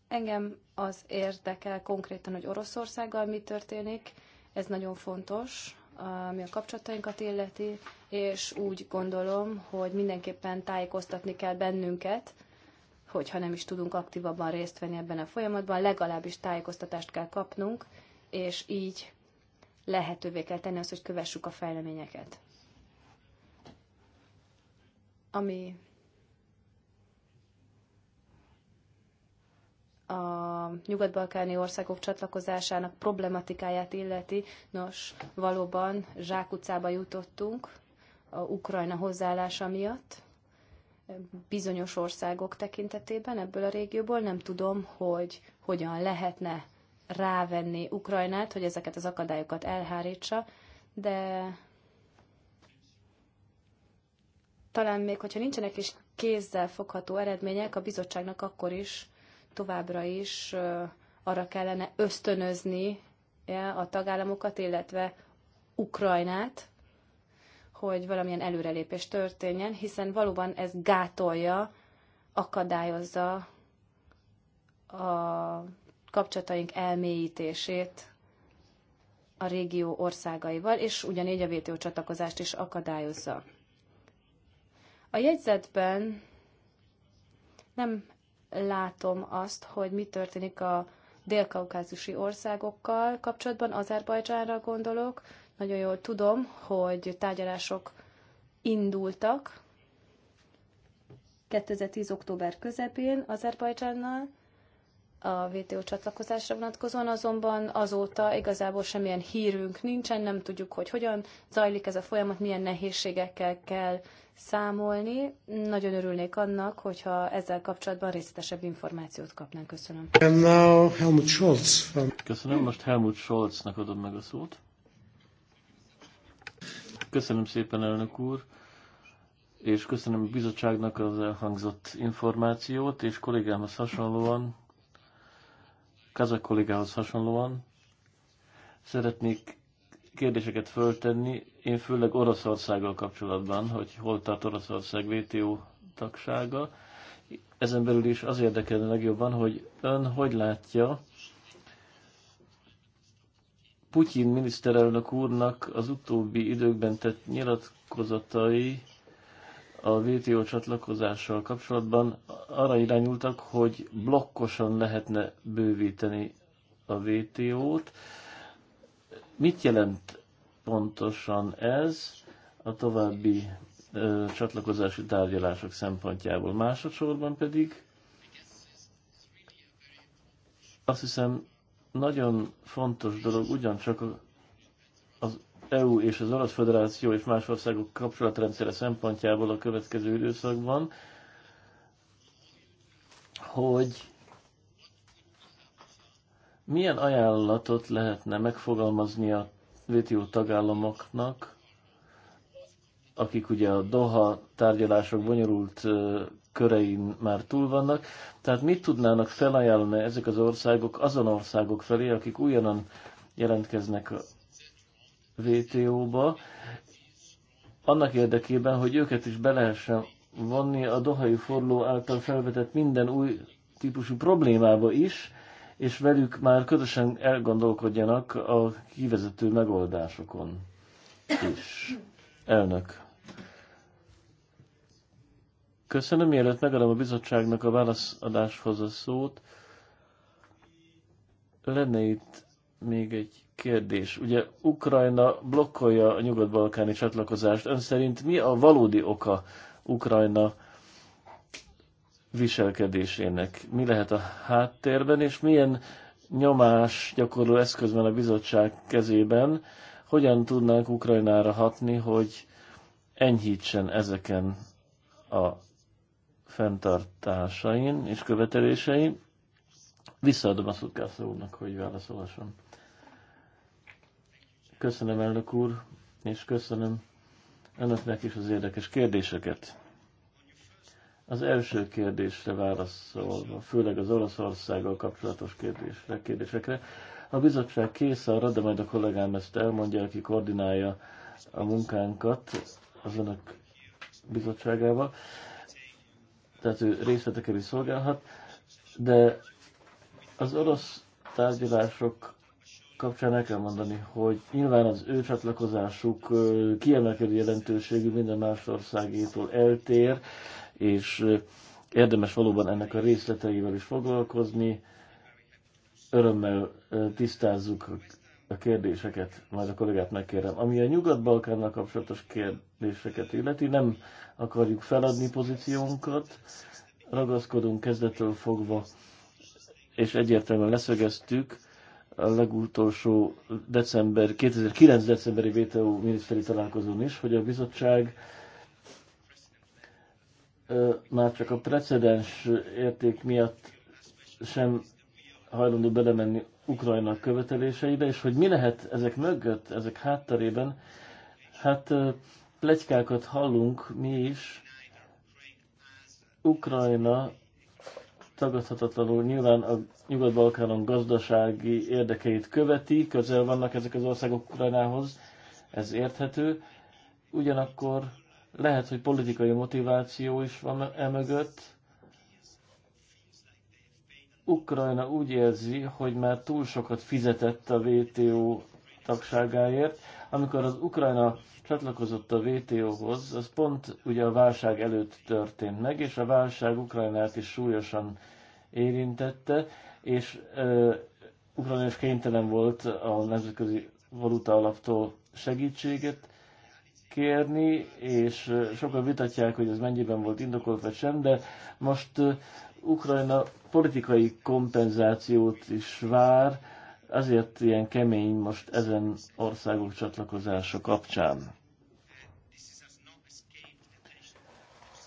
Engem az érdekel konkrétan, hogy Oroszországgal mi történik, ez nagyon fontos, ami a kapcsolatainkat illeti, és úgy gondolom, hogy mindenképpen tájékoztatni kell bennünket, hogyha nem is tudunk aktívabban részt venni ebben a folyamatban, legalábbis tájékoztatást kell kapnunk, és így lehetővé kell tenni azt, hogy kövessük a fejleményeket. Ami a nyugat-balkáni országok csatlakozásának problematikáját illeti, nos, valóban zsákutcába jutottunk a Ukrajna hozzáállása miatt, bizonyos országok tekintetében ebből a régióból. Nem tudom, hogy hogyan lehetne rávenni Ukrajnát, hogy ezeket az akadályokat elhárítsa, de talán még, hogyha nincsenek is kézzel fogható eredmények, a bizottságnak akkor is továbbra is arra kellene ösztönözni a tagállamokat, illetve Ukrajnát, hogy valamilyen előrelépés történjen, hiszen valóban ez gátolja, akadályozza a kapcsolataink elmélyítését a régió országaival, és ugyanígy a WTO csatlakozást is akadályozza. A jegyzetben nem látom azt, hogy mi történik a dél-kaukázusi országokkal kapcsolatban, Azerbajdzsánra gondolok, nagyon jól tudom, hogy tárgyalások indultak 2010. október közepén Azerbajdzsánnal, a WTO csatlakozásra vonatkozóan, azonban azóta igazából semmilyen hírünk nincsen, nem tudjuk, hogy hogyan zajlik ez a folyamat, milyen nehézségekkel kell számolni. Nagyon örülnék annak, hogyha ezzel kapcsolatban részletesebb információt kapnánk. Köszönöm. And now Helmut Scholz. Köszönöm, most Helmut Scholznak adom meg a szót. Köszönöm szépen, elnök úr, és köszönöm a bizottságnak az elhangzott információt, és kollégámhoz hasonlóan, kazak kollégához hasonlóan szeretnék kérdéseket föltenni, én főleg Oroszországgal kapcsolatban, hogy hol tart Oroszország WTO tagsága. Ezen belül is az érdekelne legjobban, hogy ön hogy látja Putyin miniszterelnök úrnak az utóbbi időkben tett nyilatkozatai a WTO csatlakozással kapcsolatban arra irányultak, hogy blokkosan lehetne bővíteni a WTO-t. Mit jelent pontosan ez a további ö, csatlakozási tárgyalások szempontjából? Másodszorban pedig azt hiszem nagyon fontos dolog ugyancsak az EU és az Orosz Föderáció és más országok kapcsolatrendszere szempontjából a következő időszakban, hogy milyen ajánlatot lehetne megfogalmazni a WTO tagállamoknak akik ugye a Doha tárgyalások bonyolult körein már túl vannak. Tehát mit tudnának felajánlani ezek az országok azon országok felé, akik újonnan jelentkeznek a WTO-ba, annak érdekében, hogy őket is be lehessen vonni a dohai forló által felvetett minden új típusú problémába is, és velük már közösen elgondolkodjanak a kivezető megoldásokon is. Elnök. Köszönöm, mielőtt megadom a bizottságnak a válaszadáshoz a szót. Lenne itt még egy kérdés. Ugye Ukrajna blokkolja a nyugat-balkáni csatlakozást. Ön szerint mi a valódi oka Ukrajna viselkedésének? Mi lehet a háttérben, és milyen nyomás gyakorló eszközben a bizottság kezében? Hogyan tudnánk Ukrajnára hatni, hogy enyhítsen ezeken a fenntartásain és követelésein. Visszaadom a Szutkászló úrnak, hogy válaszolhasson. Köszönöm, elnök úr, és köszönöm önöknek is az érdekes kérdéseket. Az első kérdésre válaszolva, főleg az Oroszországgal kapcsolatos kérdésre, kérdésekre, a bizottság kész arra, de majd a kollégám ezt elmondja, aki koordinálja a munkánkat az önök bizottságával tehát ő részletekkel is szolgálhat, de az orosz tárgyalások kapcsán el kell mondani, hogy nyilván az ő csatlakozásuk kiemelkedő jelentőségű minden más országétól eltér, és érdemes valóban ennek a részleteivel is foglalkozni. Örömmel tisztázzuk a kérdéseket, majd a kollégát megkérem. Ami a Nyugat-Balkánnal kapcsolatos kérdéseket illeti, nem akarjuk feladni pozíciónkat, ragaszkodunk kezdetől fogva, és egyértelműen leszögeztük a legutolsó december, 2009. decemberi WTO miniszteri találkozón is, hogy a bizottság már csak a precedens érték miatt sem hajlandó belemenni Ukrajna követeléseibe, és hogy mi lehet ezek mögött, ezek hátterében, hát plegykákat hallunk mi is. Ukrajna tagadhatatlanul nyilván a Nyugat-Balkánon gazdasági érdekeit követi, közel vannak ezek az országok Ukrajnához, ez érthető. Ugyanakkor lehet, hogy politikai motiváció is van e mögött, Ukrajna úgy érzi, hogy már túl sokat fizetett a WTO tagságáért. Amikor az Ukrajna csatlakozott a WTO-hoz, az pont ugye a válság előtt történt meg, és a válság Ukrajnát is súlyosan érintette, és uh, Ukrajna is kénytelen volt a nemzetközi valuta alaptól segítséget kérni, és sokan vitatják, hogy ez mennyiben volt indokolt vagy sem, de most Ukrajna politikai kompenzációt is vár, azért ilyen kemény most ezen országok csatlakozása kapcsán.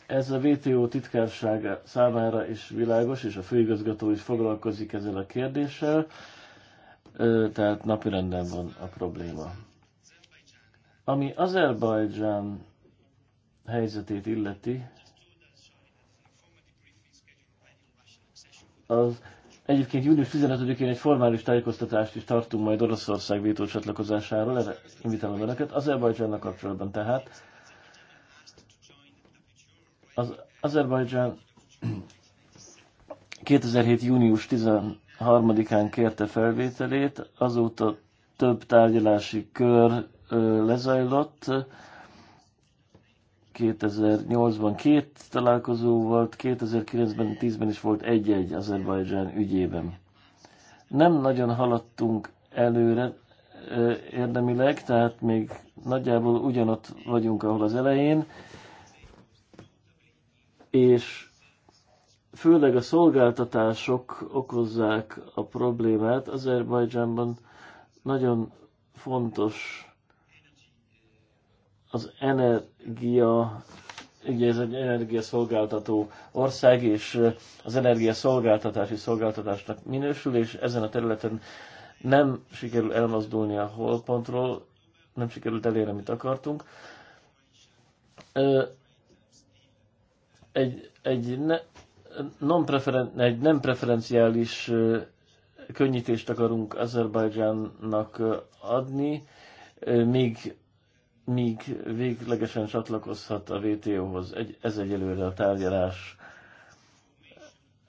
Ez a WTO titkársága számára is világos, és a főigazgató is foglalkozik ezzel a kérdéssel, tehát napirenden van a probléma. Ami Azerbajdzsán helyzetét illeti, Az egyébként június 15-én egy formális tájékoztatást is tartunk majd Oroszország vétó csatlakozásáról, erre invitálom önöket, Azerbajdzsánnal kapcsolatban tehát. Az Azerbajdzsán 2007. június 13-án kérte felvételét, azóta több tárgyalási kör lezajlott, 2008-ban két találkozó volt, 2009-ben, 10-ben is volt egy-egy Azerbajdzsán ügyében. Nem nagyon haladtunk előre érdemileg, tehát még nagyjából ugyanott vagyunk, ahol az elején, és főleg a szolgáltatások okozzák a problémát. Azerbajdzsánban nagyon fontos az energia, ugye ez egy energiaszolgáltató ország, és az energiaszolgáltatási szolgáltatásnak minősül, és ezen a területen nem sikerül elmozdulni a holpontról, nem sikerült elérni, amit akartunk. Egy, egy, ne, non preferen, egy nem preferenciális könnyítést akarunk Azerbajdzsánnak adni, még míg véglegesen csatlakozhat a WTO-hoz. Egy, ez egyelőre a tárgyalás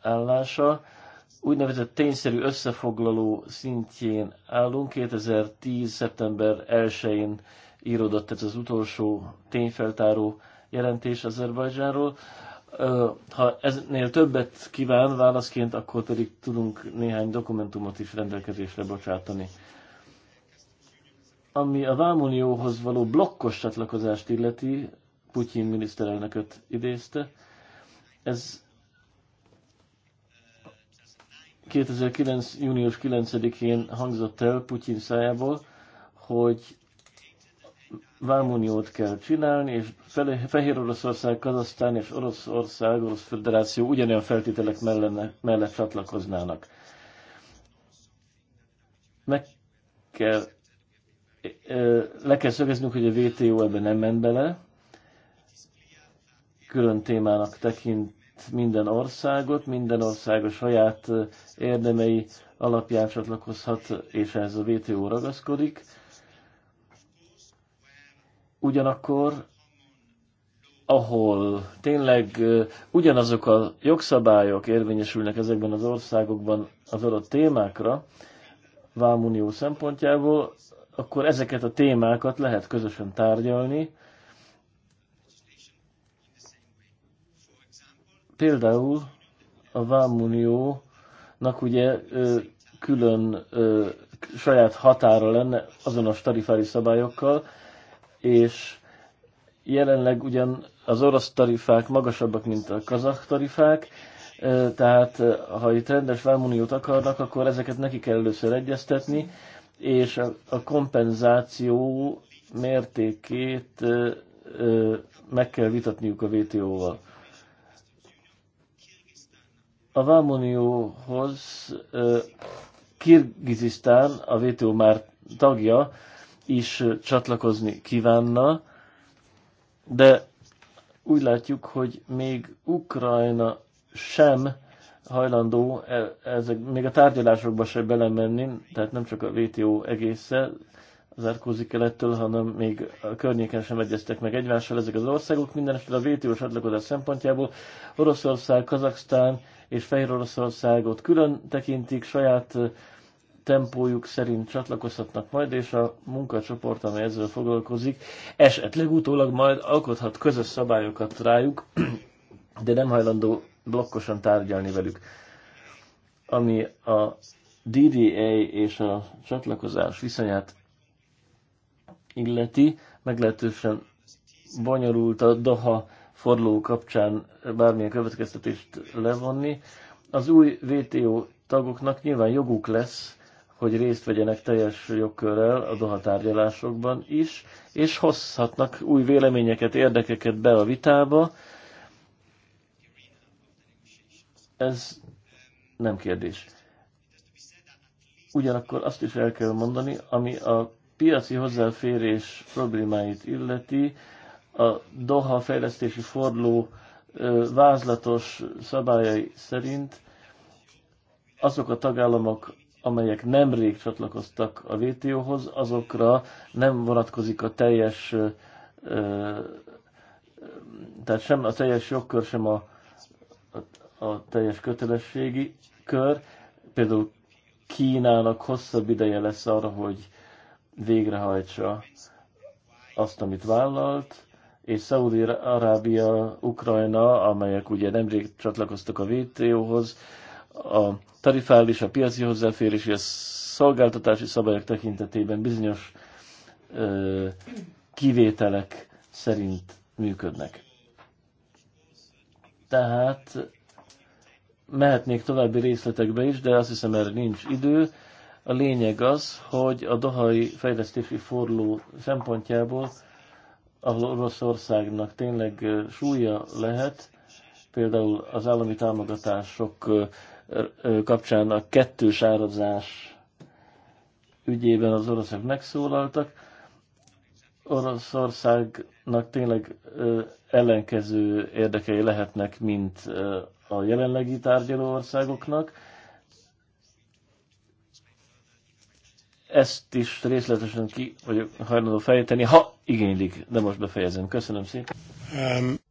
állása. Úgynevezett tényszerű összefoglaló szintjén állunk. 2010. szeptember 1-én íródott ez az utolsó tényfeltáró jelentés Azerbajdzsánról. Ha eznél többet kíván válaszként, akkor pedig tudunk néhány dokumentumot is rendelkezésre bocsátani. Ami a Vámunióhoz való blokkos csatlakozást illeti, Putyin miniszterelnököt idézte, ez 2009. június 9-én hangzott el Putyin szájából, hogy vámuniót kell csinálni, és Fehér Oroszország, Kazasztán és Oroszország, Orosz Föderáció ugyanolyan feltételek mellene, mellett csatlakoznának. Meg kell le kell szögeznünk, hogy a WTO ebben nem ment bele, külön témának tekint minden országot, minden ország a saját érdemei alapján csatlakozhat, és ez a WTO ragaszkodik. Ugyanakkor, ahol tényleg ugyanazok a jogszabályok érvényesülnek ezekben az országokban az adott témákra, vámunió szempontjából, akkor ezeket a témákat lehet közösen tárgyalni. Például a Vámuniónak ugye külön saját határa lenne azonos tarifári szabályokkal, és jelenleg ugyan az orosz tarifák magasabbak, mint a kazak tarifák, tehát ha itt rendes vámuniót akarnak, akkor ezeket neki kell először egyeztetni, és a kompenzáció mértékét meg kell vitatniuk a vto val A Vámunióhoz Kirgizisztán, a VTO már tagja, is csatlakozni kívánna, de úgy látjuk, hogy még Ukrajna sem hajlandó e, ezek, még a tárgyalásokba se belemenni, tehát nem csak a VTO egésszel, az el ettől, hanem még a környéken sem egyeztek meg egymással ezek az országok. Mindenesetre a VTO csatlakozás szempontjából Oroszország, Kazaksztán és Fehér Oroszországot külön tekintik, saját tempójuk szerint csatlakozhatnak majd, és a munkacsoport, amely ezzel foglalkozik, esetleg utólag majd alkothat közös szabályokat rájuk, de nem hajlandó blokkosan tárgyalni velük. Ami a DDA és a csatlakozás viszonyát illeti, meglehetősen bonyolult a Doha forduló kapcsán bármilyen következtetést levonni. Az új VTO tagoknak nyilván joguk lesz, hogy részt vegyenek teljes jogkörrel a Doha tárgyalásokban is, és hozhatnak új véleményeket, érdekeket be a vitába, ez nem kérdés. Ugyanakkor azt is el kell mondani, ami a piaci hozzáférés problémáit illeti, a Doha fejlesztési forduló vázlatos szabályai szerint azok a tagállamok, amelyek nemrég csatlakoztak a WTO-hoz, azokra nem vonatkozik a teljes, tehát sem a teljes jogkör, sem a a teljes kötelességi kör. Például Kínának hosszabb ideje lesz arra, hogy végrehajtsa azt, amit vállalt, és Szaudi-Arábia, Ukrajna, amelyek ugye nemrég csatlakoztak a WTO-hoz, a tarifális, a piaci hozzáférés, a szolgáltatási szabályok tekintetében bizonyos ö, kivételek szerint működnek. Tehát mehetnék további részletekbe is, de azt hiszem erre nincs idő. A lényeg az, hogy a Dohai fejlesztési forló szempontjából, ahol Oroszországnak tényleg súlya lehet, például az állami támogatások kapcsán a kettős árazás ügyében az oroszok megszólaltak. Oroszországnak tényleg ellenkező érdekei lehetnek, mint a jelenlegi tárgyaló országoknak. Ezt is részletesen ki vagyok hajlandó fejteni, ha igénylik, de most befejezem. Köszönöm szépen. Um.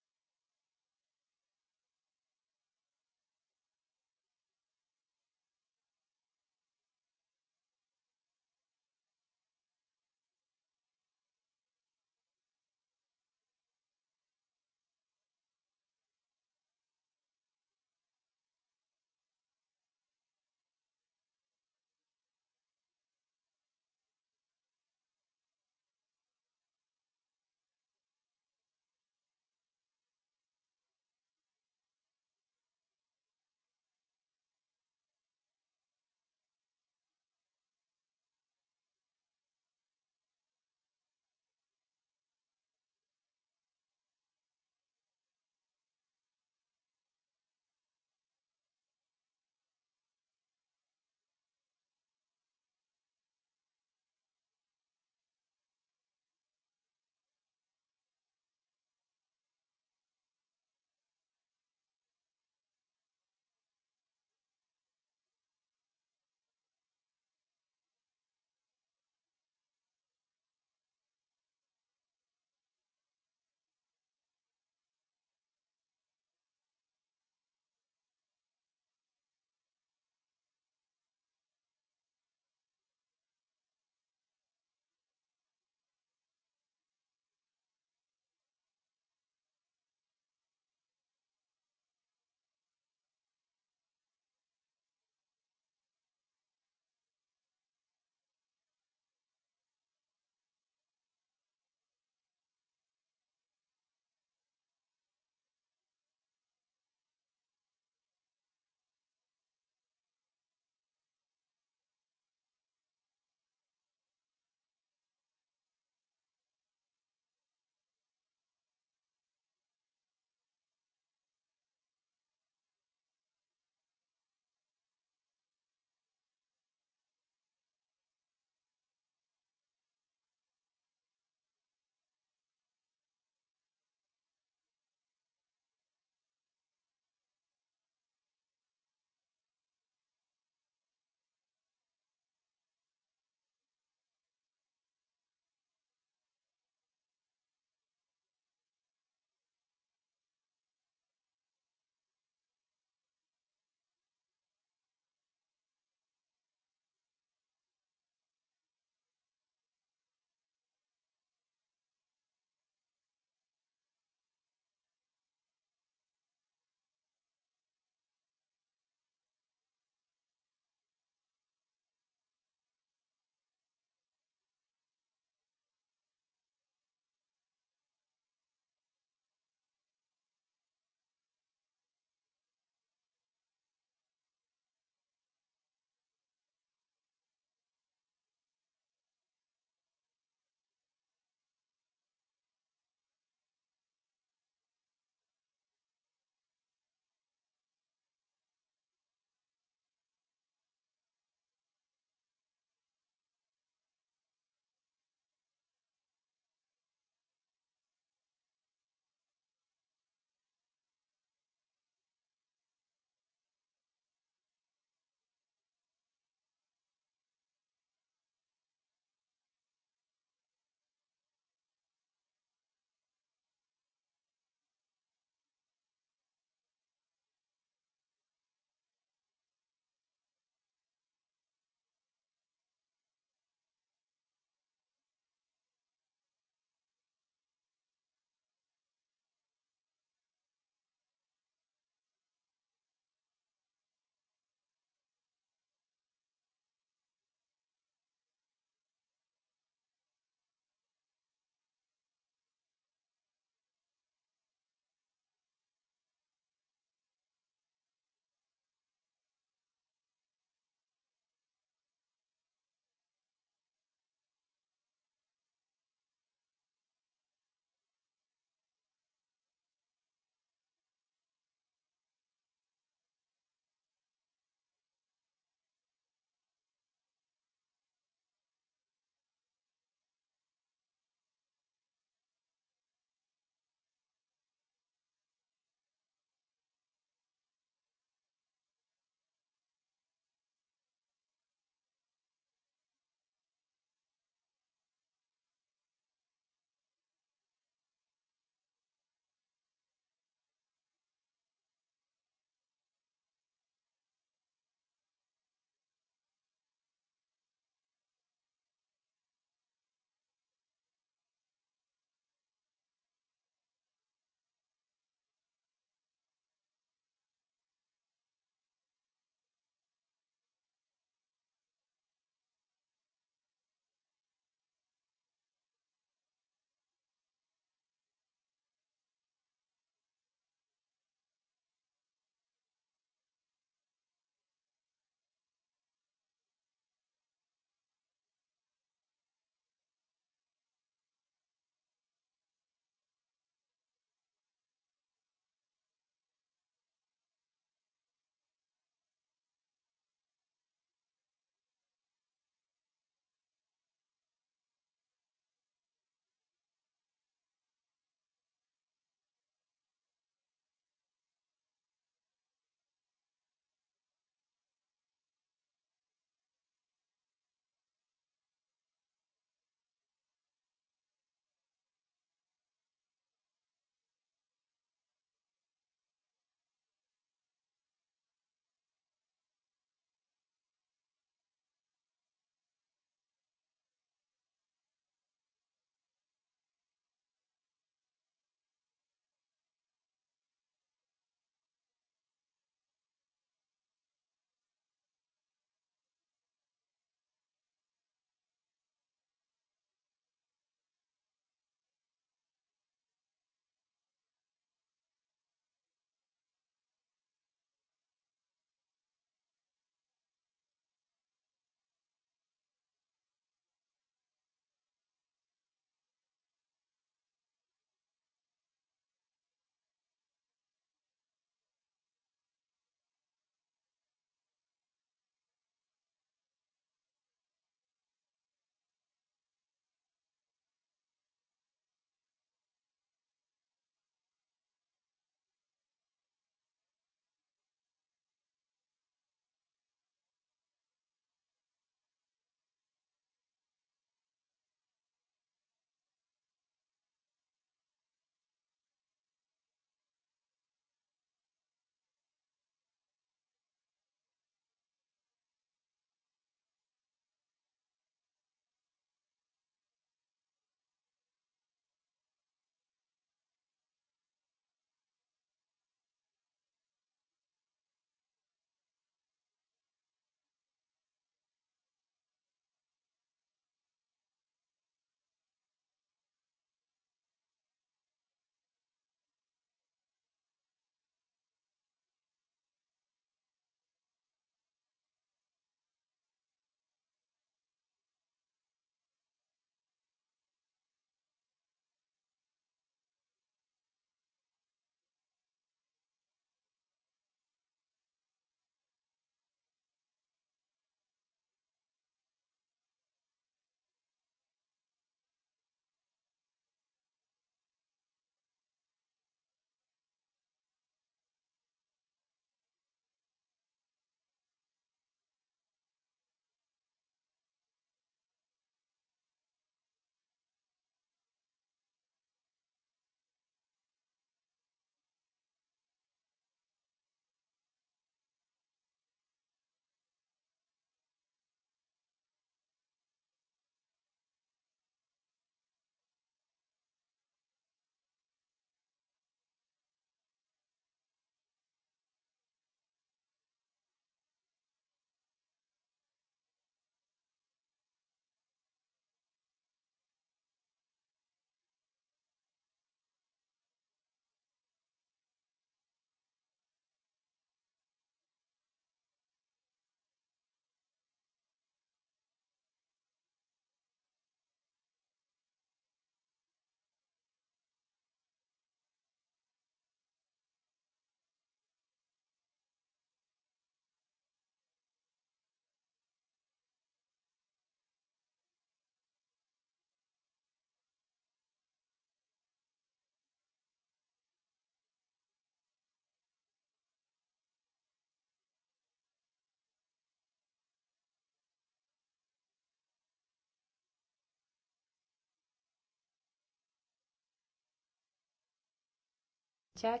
tartják,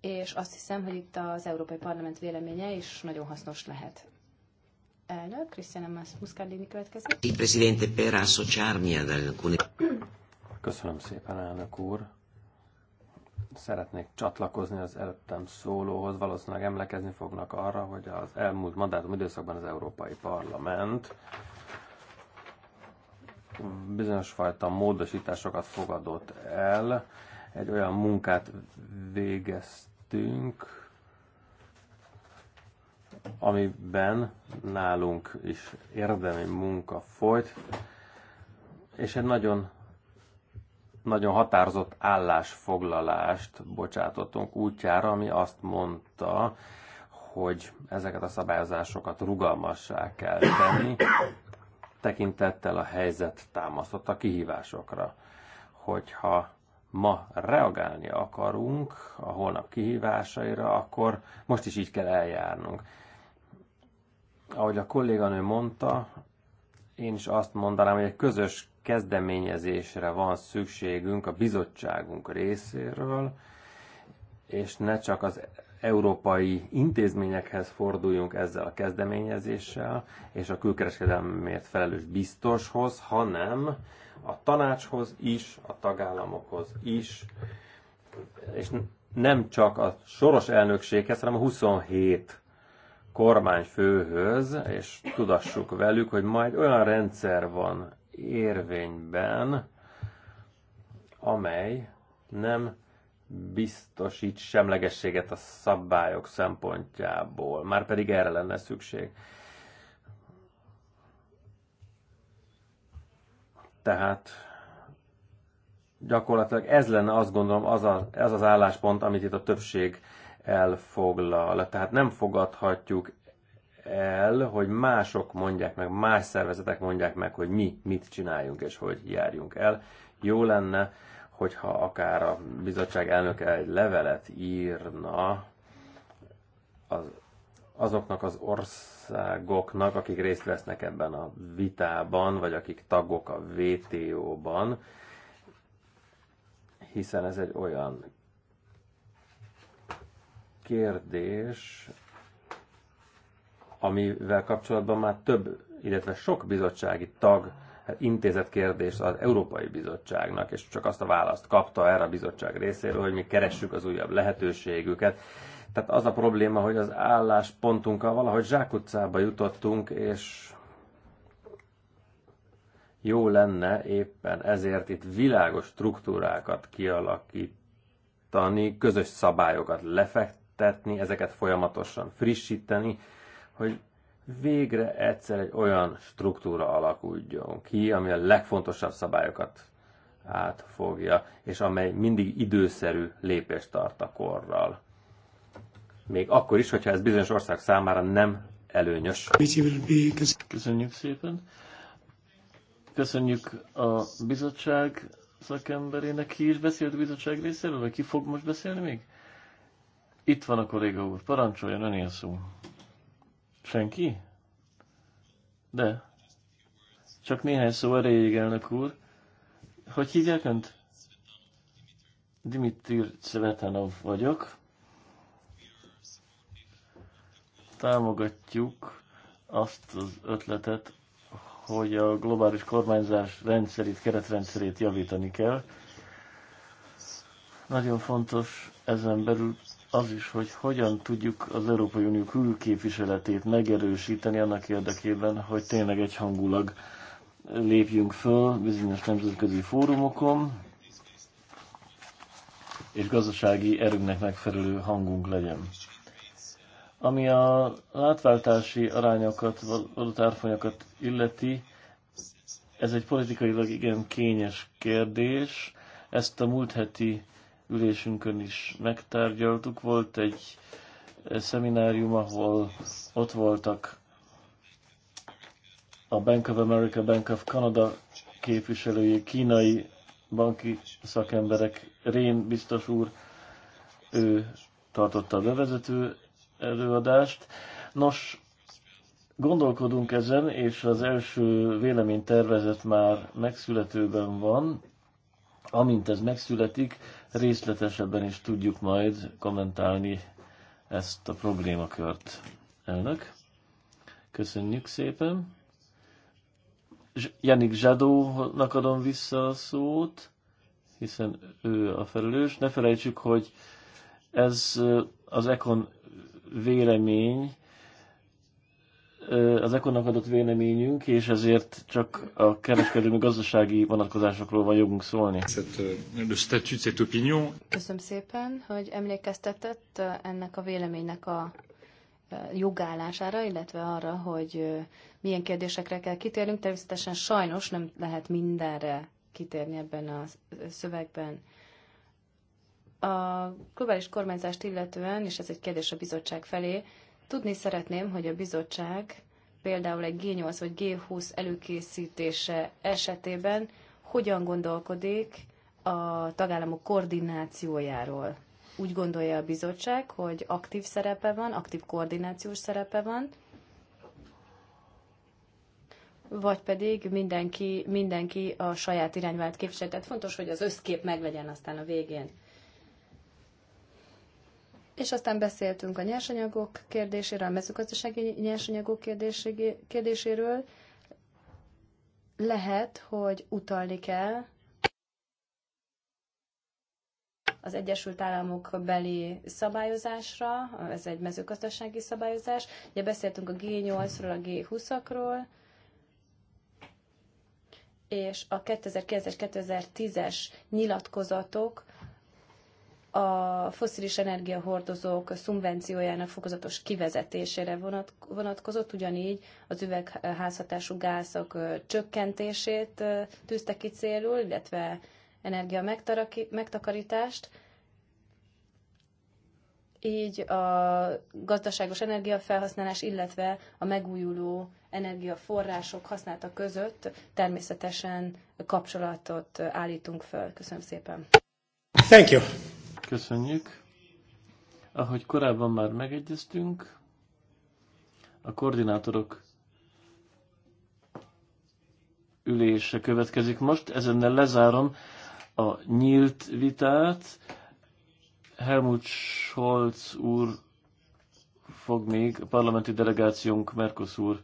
és azt hiszem, hogy itt az Európai Parlament véleménye is nagyon hasznos lehet. Elnök, Krisztián Muscardini következik. Köszönöm szépen, elnök úr. Szeretnék csatlakozni az előttem szólóhoz. Valószínűleg emlekezni fognak arra, hogy az elmúlt mandátum időszakban az Európai Parlament bizonyos fajta módosításokat fogadott el, egy olyan munkát végeztünk, amiben nálunk is érdemi munka folyt, és egy nagyon, nagyon határozott állásfoglalást bocsátottunk útjára, ami azt mondta, hogy ezeket a szabályozásokat rugalmassá kell tenni, tekintettel a helyzet támasztott a kihívásokra. Hogyha ma reagálni akarunk a holnap kihívásaira, akkor most is így kell eljárnunk. Ahogy a kolléganő mondta, én is azt mondanám, hogy egy közös kezdeményezésre van szükségünk a bizottságunk részéről, és ne csak az európai intézményekhez forduljunk ezzel a kezdeményezéssel, és a külkereskedelmért felelős biztoshoz, hanem a tanácshoz is, a tagállamokhoz is, és nem csak a soros elnökséghez, hanem a 27 kormányfőhöz, és tudassuk velük, hogy majd olyan rendszer van érvényben, amely nem biztosít semlegességet a szabályok szempontjából, már pedig erre lenne szükség. Tehát gyakorlatilag ez lenne azt gondolom az, a, ez az álláspont, amit itt a többség elfoglal. Tehát nem fogadhatjuk el, hogy mások mondják meg, más szervezetek mondják meg, hogy mi mit csináljunk és hogy járjunk el. Jó lenne, hogyha akár a bizottság elnöke egy levelet írna az azoknak az országoknak, akik részt vesznek ebben a vitában, vagy akik tagok a WTO-ban, hiszen ez egy olyan kérdés, amivel kapcsolatban már több, illetve sok bizottsági tag intézett kérdést az Európai Bizottságnak, és csak azt a választ kapta erre a bizottság részéről, hogy mi keressük az újabb lehetőségüket. Tehát az a probléma, hogy az álláspontunkkal valahogy zsákutcába jutottunk, és jó lenne éppen ezért itt világos struktúrákat kialakítani, közös szabályokat lefektetni, ezeket folyamatosan frissíteni, hogy végre egyszer egy olyan struktúra alakuljon ki, ami a legfontosabb szabályokat átfogja, és amely mindig időszerű lépést tart a korral még akkor is, hogyha ez bizonyos ország számára nem előnyös. Köszönjük szépen. Köszönjük a bizottság szakemberének. Ki is beszélt a bizottság részéről, vagy ki fog most beszélni még? Itt van a kolléga úr. Parancsoljon, önél szó. Senki? De. Csak néhány szó erejéig, elnök úr. Hogy hívják önt? Dimitri Cvetanov vagyok. támogatjuk azt az ötletet, hogy a globális kormányzás rendszerét, keretrendszerét javítani kell. Nagyon fontos ezen belül az is, hogy hogyan tudjuk az Európai Unió külképviseletét megerősíteni annak érdekében, hogy tényleg egyhangulag lépjünk föl bizonyos nemzetközi fórumokon, és gazdasági erőnknek megfelelő hangunk legyen. Ami a látváltási arányokat, valutárfonyokat illeti, ez egy politikailag igen kényes kérdés. Ezt a múlt heti ülésünkön is megtárgyaltuk. Volt egy eh, szeminárium, ahol ott voltak a Bank of America, Bank of Canada képviselői, kínai banki szakemberek, Rén biztos úr, ő tartotta a bevezető előadást. Nos, gondolkodunk ezen, és az első véleménytervezet már megszületőben van. Amint ez megszületik, részletesebben is tudjuk majd kommentálni ezt a problémakört. Elnök, köszönjük szépen. Janik Zsadónak adom vissza a szót, hiszen ő a felelős. Ne felejtsük, hogy ez az Econ vélemény, az ekonnak adott véleményünk, és ezért csak a kereskedelmi gazdasági vonatkozásokról van jogunk szólni. Euh, Köszönöm szépen, hogy emlékeztetett ennek a véleménynek a jogállására, illetve arra, hogy milyen kérdésekre kell kitérnünk. Természetesen sajnos nem lehet mindenre kitérni ebben a szövegben. A globális kormányzást illetően, és ez egy kérdés a bizottság felé, tudni szeretném, hogy a bizottság például egy G8 vagy G20 előkészítése esetében hogyan gondolkodik a tagállamok koordinációjáról. Úgy gondolja a bizottság, hogy aktív szerepe van, aktív koordinációs szerepe van, vagy pedig mindenki, mindenki a saját irányvált képviselő. Tehát fontos, hogy az összkép meglegyen aztán a végén. És aztán beszéltünk a nyersanyagok kérdéséről, a mezőgazdasági nyersanyagok kérdéséről. Lehet, hogy utalni kell az Egyesült Államok beli szabályozásra, ez egy mezőgazdasági szabályozás. Ugye beszéltünk a G8-ról, a G20-akról, és a 2009-es, 2010-es nyilatkozatok a foszilis energiahordozók szubvenciójának fokozatos kivezetésére vonatkozott, ugyanígy az üvegházhatású gázok csökkentését tűzte ki célul, illetve energia megtakarítást. Így a gazdaságos energiafelhasználás, illetve a megújuló energiaforrások használata között természetesen kapcsolatot állítunk föl. Köszönöm szépen. Thank you. Köszönjük. Ahogy korábban már megegyeztünk, a koordinátorok ülése következik most. Ezennel lezárom a nyílt vitát. Helmut Scholz úr fog még a parlamenti delegációnk, Mercosur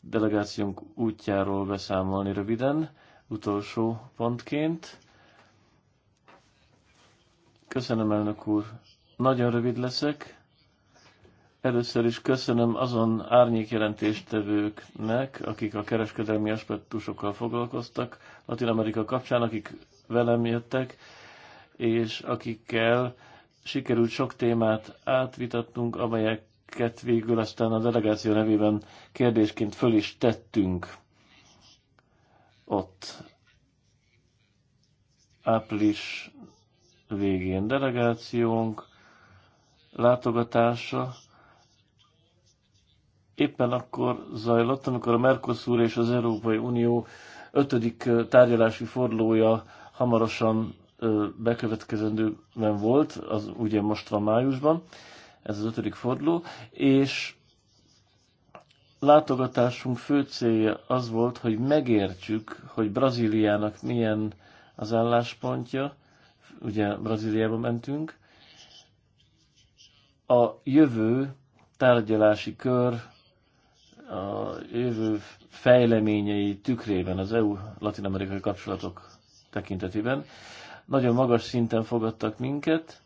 delegációnk útjáról beszámolni röviden, utolsó pontként. Köszönöm, elnök úr. Nagyon rövid leszek. Először is köszönöm azon árnyékjelentéstevőknek, akik a kereskedelmi aspektusokkal foglalkoztak Latin Amerika kapcsán, akik velem jöttek, és akikkel sikerült sok témát átvitatnunk, amelyeket végül aztán a delegáció nevében kérdésként föl is tettünk ott április végén. Delegációnk látogatása éppen akkor zajlott, amikor a Mercosur és az Európai Unió ötödik tárgyalási fordulója hamarosan bekövetkezendőben volt, az ugye most van májusban, ez az ötödik forduló, és látogatásunk fő célja az volt, hogy megértsük, hogy Brazíliának milyen az álláspontja, ugye Brazíliába mentünk, a jövő tárgyalási kör, a jövő fejleményei tükrében az EU-latin-amerikai kapcsolatok tekintetében. Nagyon magas szinten fogadtak minket,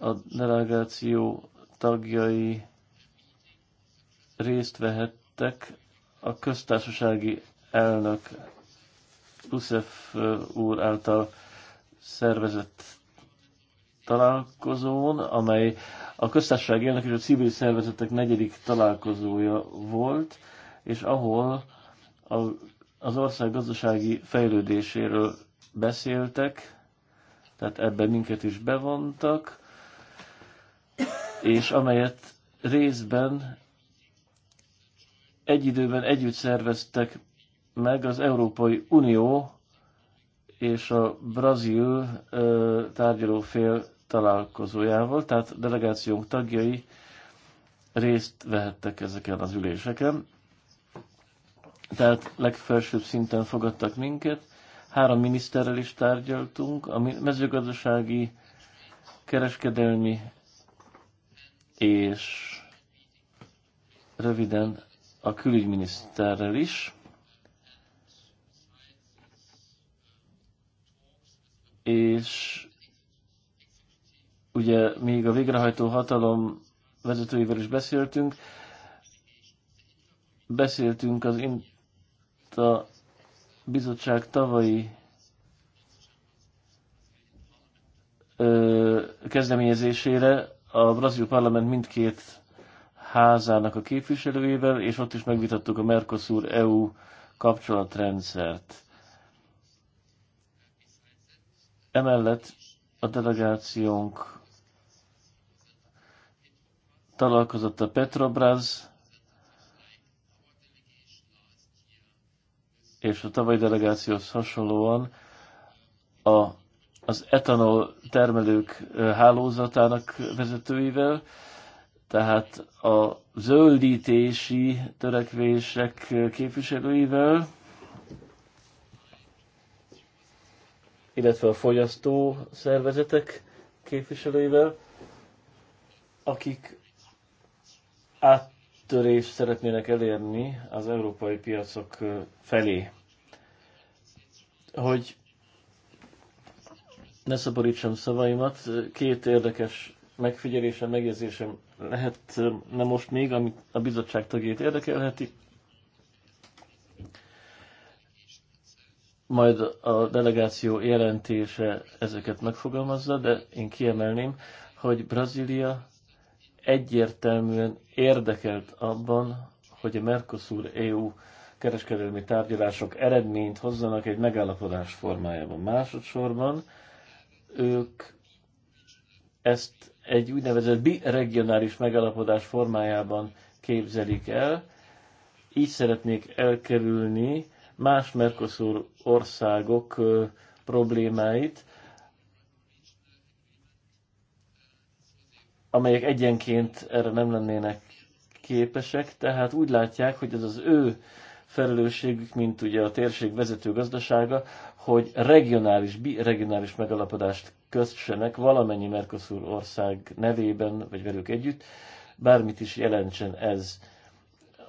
a delegáció tagjai részt vehettek a köztársasági elnök Rusev úr által szervezett találkozón, amely a köztársaság elnök és a civil szervezetek negyedik találkozója volt, és ahol a, az ország gazdasági fejlődéséről beszéltek, tehát ebben minket is bevontak, és amelyet részben egy időben együtt szerveztek meg az Európai Unió és a brazil tárgyalófél találkozójával, tehát delegációnk tagjai részt vehettek ezeken az üléseken. Tehát legfelsőbb szinten fogadtak minket. Három miniszterrel is tárgyaltunk, a mezőgazdasági, kereskedelmi és röviden a külügyminiszterrel is. és ugye még a végrehajtó hatalom vezetőivel is beszéltünk, beszéltünk az a bizottság tavalyi ö, kezdeményezésére a brazil parlament mindkét házának a képviselőjével, és ott is megvitattuk a Mercosur-EU kapcsolatrendszert. Emellett a delegációnk találkozott a Petrobras és a tavaly delegációhoz hasonlóan a, az etanol termelők hálózatának vezetőivel, tehát a zöldítési törekvések képviselőivel, illetve a fogyasztó szervezetek képviselőivel, akik áttörést szeretnének elérni az európai piacok felé. Hogy ne szaporítsam szavaimat, két érdekes megfigyelésem, megjegyzésem lehet nem most még, amit a bizottság tagjait érdekelheti. majd a delegáció jelentése ezeket megfogalmazza, de én kiemelném, hogy Brazília egyértelműen érdekelt abban, hogy a Mercosur-EU kereskedelmi tárgyalások eredményt hozzanak egy megállapodás formájában. Másodszorban ők ezt egy úgynevezett biregionális megállapodás formájában képzelik el. Így szeretnék elkerülni más Mercosur országok problémáit, amelyek egyenként erre nem lennének képesek, tehát úgy látják, hogy ez az ő felelősségük, mint ugye a térség vezető gazdasága, hogy regionális, bi-regionális megalapodást kössenek valamennyi Mercosur ország nevében, vagy velük együtt, bármit is jelentsen ez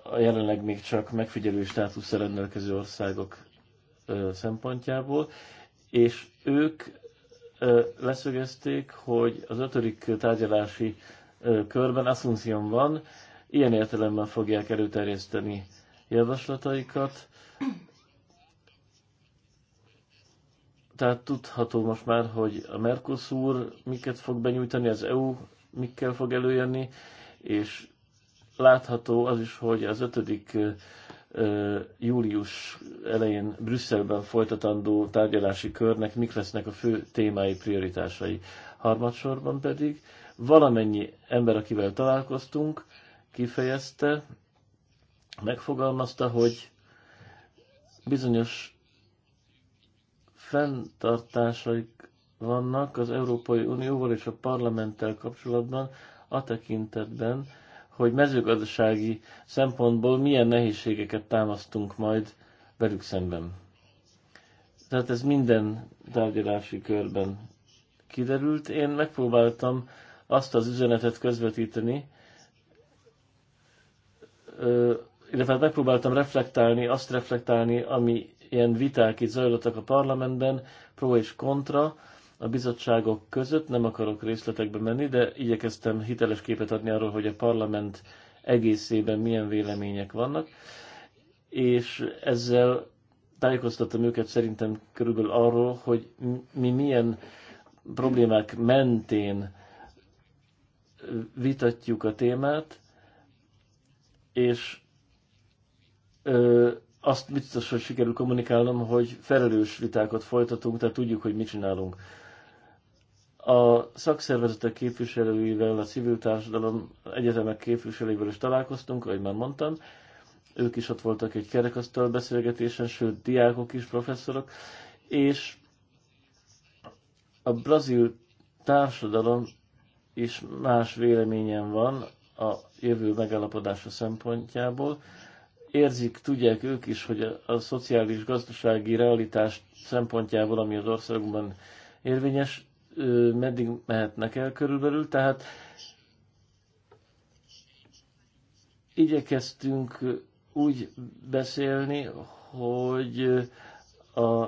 a jelenleg még csak megfigyelő státuszra rendelkező országok szempontjából, és ők leszögezték, hogy az ötödik tárgyalási körben Asunción van, ilyen értelemben fogják előterjeszteni javaslataikat. Tehát tudható most már, hogy a Mercosur miket fog benyújtani, az EU mikkel fog előjönni, és látható az is, hogy az 5. július elején Brüsszelben folytatandó tárgyalási körnek mik lesznek a fő témái, prioritásai. Harmadsorban pedig valamennyi ember, akivel találkoztunk, kifejezte, megfogalmazta, hogy bizonyos fenntartásaik vannak az Európai Unióval és a parlamenttel kapcsolatban, a tekintetben, hogy mezőgazdasági szempontból milyen nehézségeket támasztunk majd velük szemben. Tehát ez minden tárgyalási körben kiderült. Én megpróbáltam azt az üzenetet közvetíteni, illetve hát megpróbáltam reflektálni, azt reflektálni, ami ilyen viták itt zajlottak a parlamentben, pro és kontra, a bizottságok között, nem akarok részletekbe menni, de igyekeztem hiteles képet adni arról, hogy a parlament egészében milyen vélemények vannak, és ezzel tájékoztattam őket szerintem körülbelül arról, hogy mi milyen problémák mentén vitatjuk a témát, és ö, azt biztos, hogy sikerül kommunikálnom, hogy felelős vitákat folytatunk, tehát tudjuk, hogy mit csinálunk. A szakszervezetek képviselőivel, a civil társadalom egyetemek képviselőivel is találkoztunk, ahogy már mondtam. Ők is ott voltak egy kerekasztal beszélgetésen, sőt, diákok is, professzorok. És a brazil társadalom is más véleményen van a jövő megállapodása szempontjából. Érzik, tudják ők is, hogy a, a szociális-gazdasági realitás szempontjából, ami az országban érvényes, meddig mehetnek el körülbelül, tehát igyekeztünk úgy beszélni, hogy a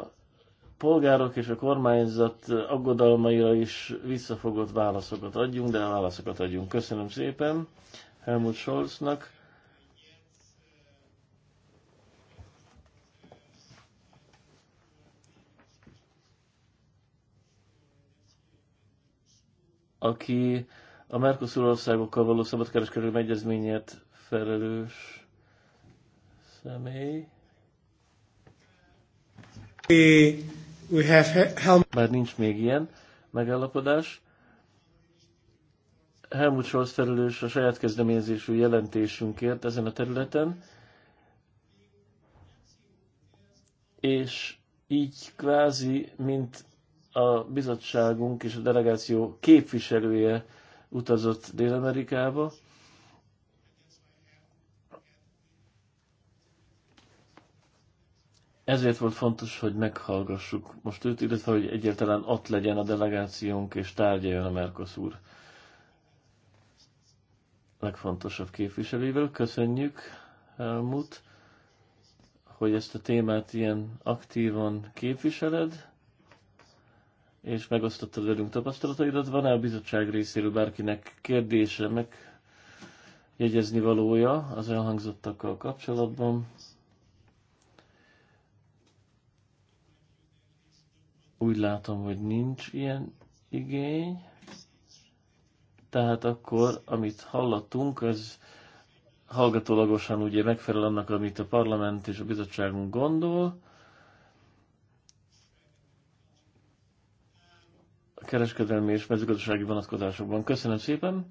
polgárok és a kormányzat aggodalmaira is visszafogott válaszokat adjunk, de a válaszokat adjunk. Köszönöm szépen Helmut Scholznak aki a Mercosur országokkal való szabadkereskedelmi egyezményért felelős személy. We, we have Helmut. Már nincs még ilyen megállapodás. Helmut Scholz felelős a saját kezdeményezésű jelentésünkért ezen a területen, és így kvázi, mint a bizottságunk és a delegáció képviselője utazott Dél-Amerikába. Ezért volt fontos, hogy meghallgassuk most őt, illetve hogy egyáltalán ott legyen a delegációnk és tárgyaljon a Mercosur legfontosabb képviselővel. Köszönjük, Helmut, hogy ezt a témát ilyen aktívan képviseled és megosztottad velünk tapasztalataidat. Van-e a bizottság részéről bárkinek kérdése, meg jegyezni valója az elhangzottakkal kapcsolatban? Úgy látom, hogy nincs ilyen igény. Tehát akkor, amit hallottunk, az hallgatólagosan ugye megfelel annak, amit a parlament és a bizottságunk gondol kereskedelmi és mezőgazdasági vonatkozásokban. Köszönöm szépen!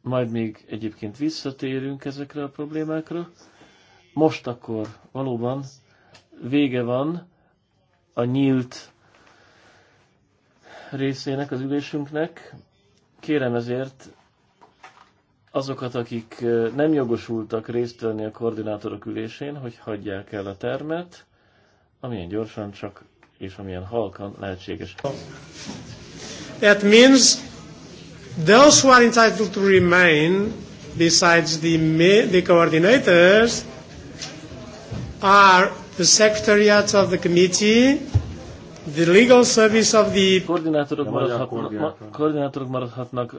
Majd még egyébként visszatérünk ezekre a problémákra. Most akkor valóban vége van a nyílt részének az ülésünknek. Kérem ezért azokat, akik nem jogosultak részt venni a koordinátorok ülésén, hogy hagyják el a termet, amilyen gyorsan csak és amilyen halkan lehetséges. That means those who are entitled to remain besides the, the coordinators are the secretariats of the committee, the legal service of the... Koordinátorok maradhatnak, koordinátorok maradhatnak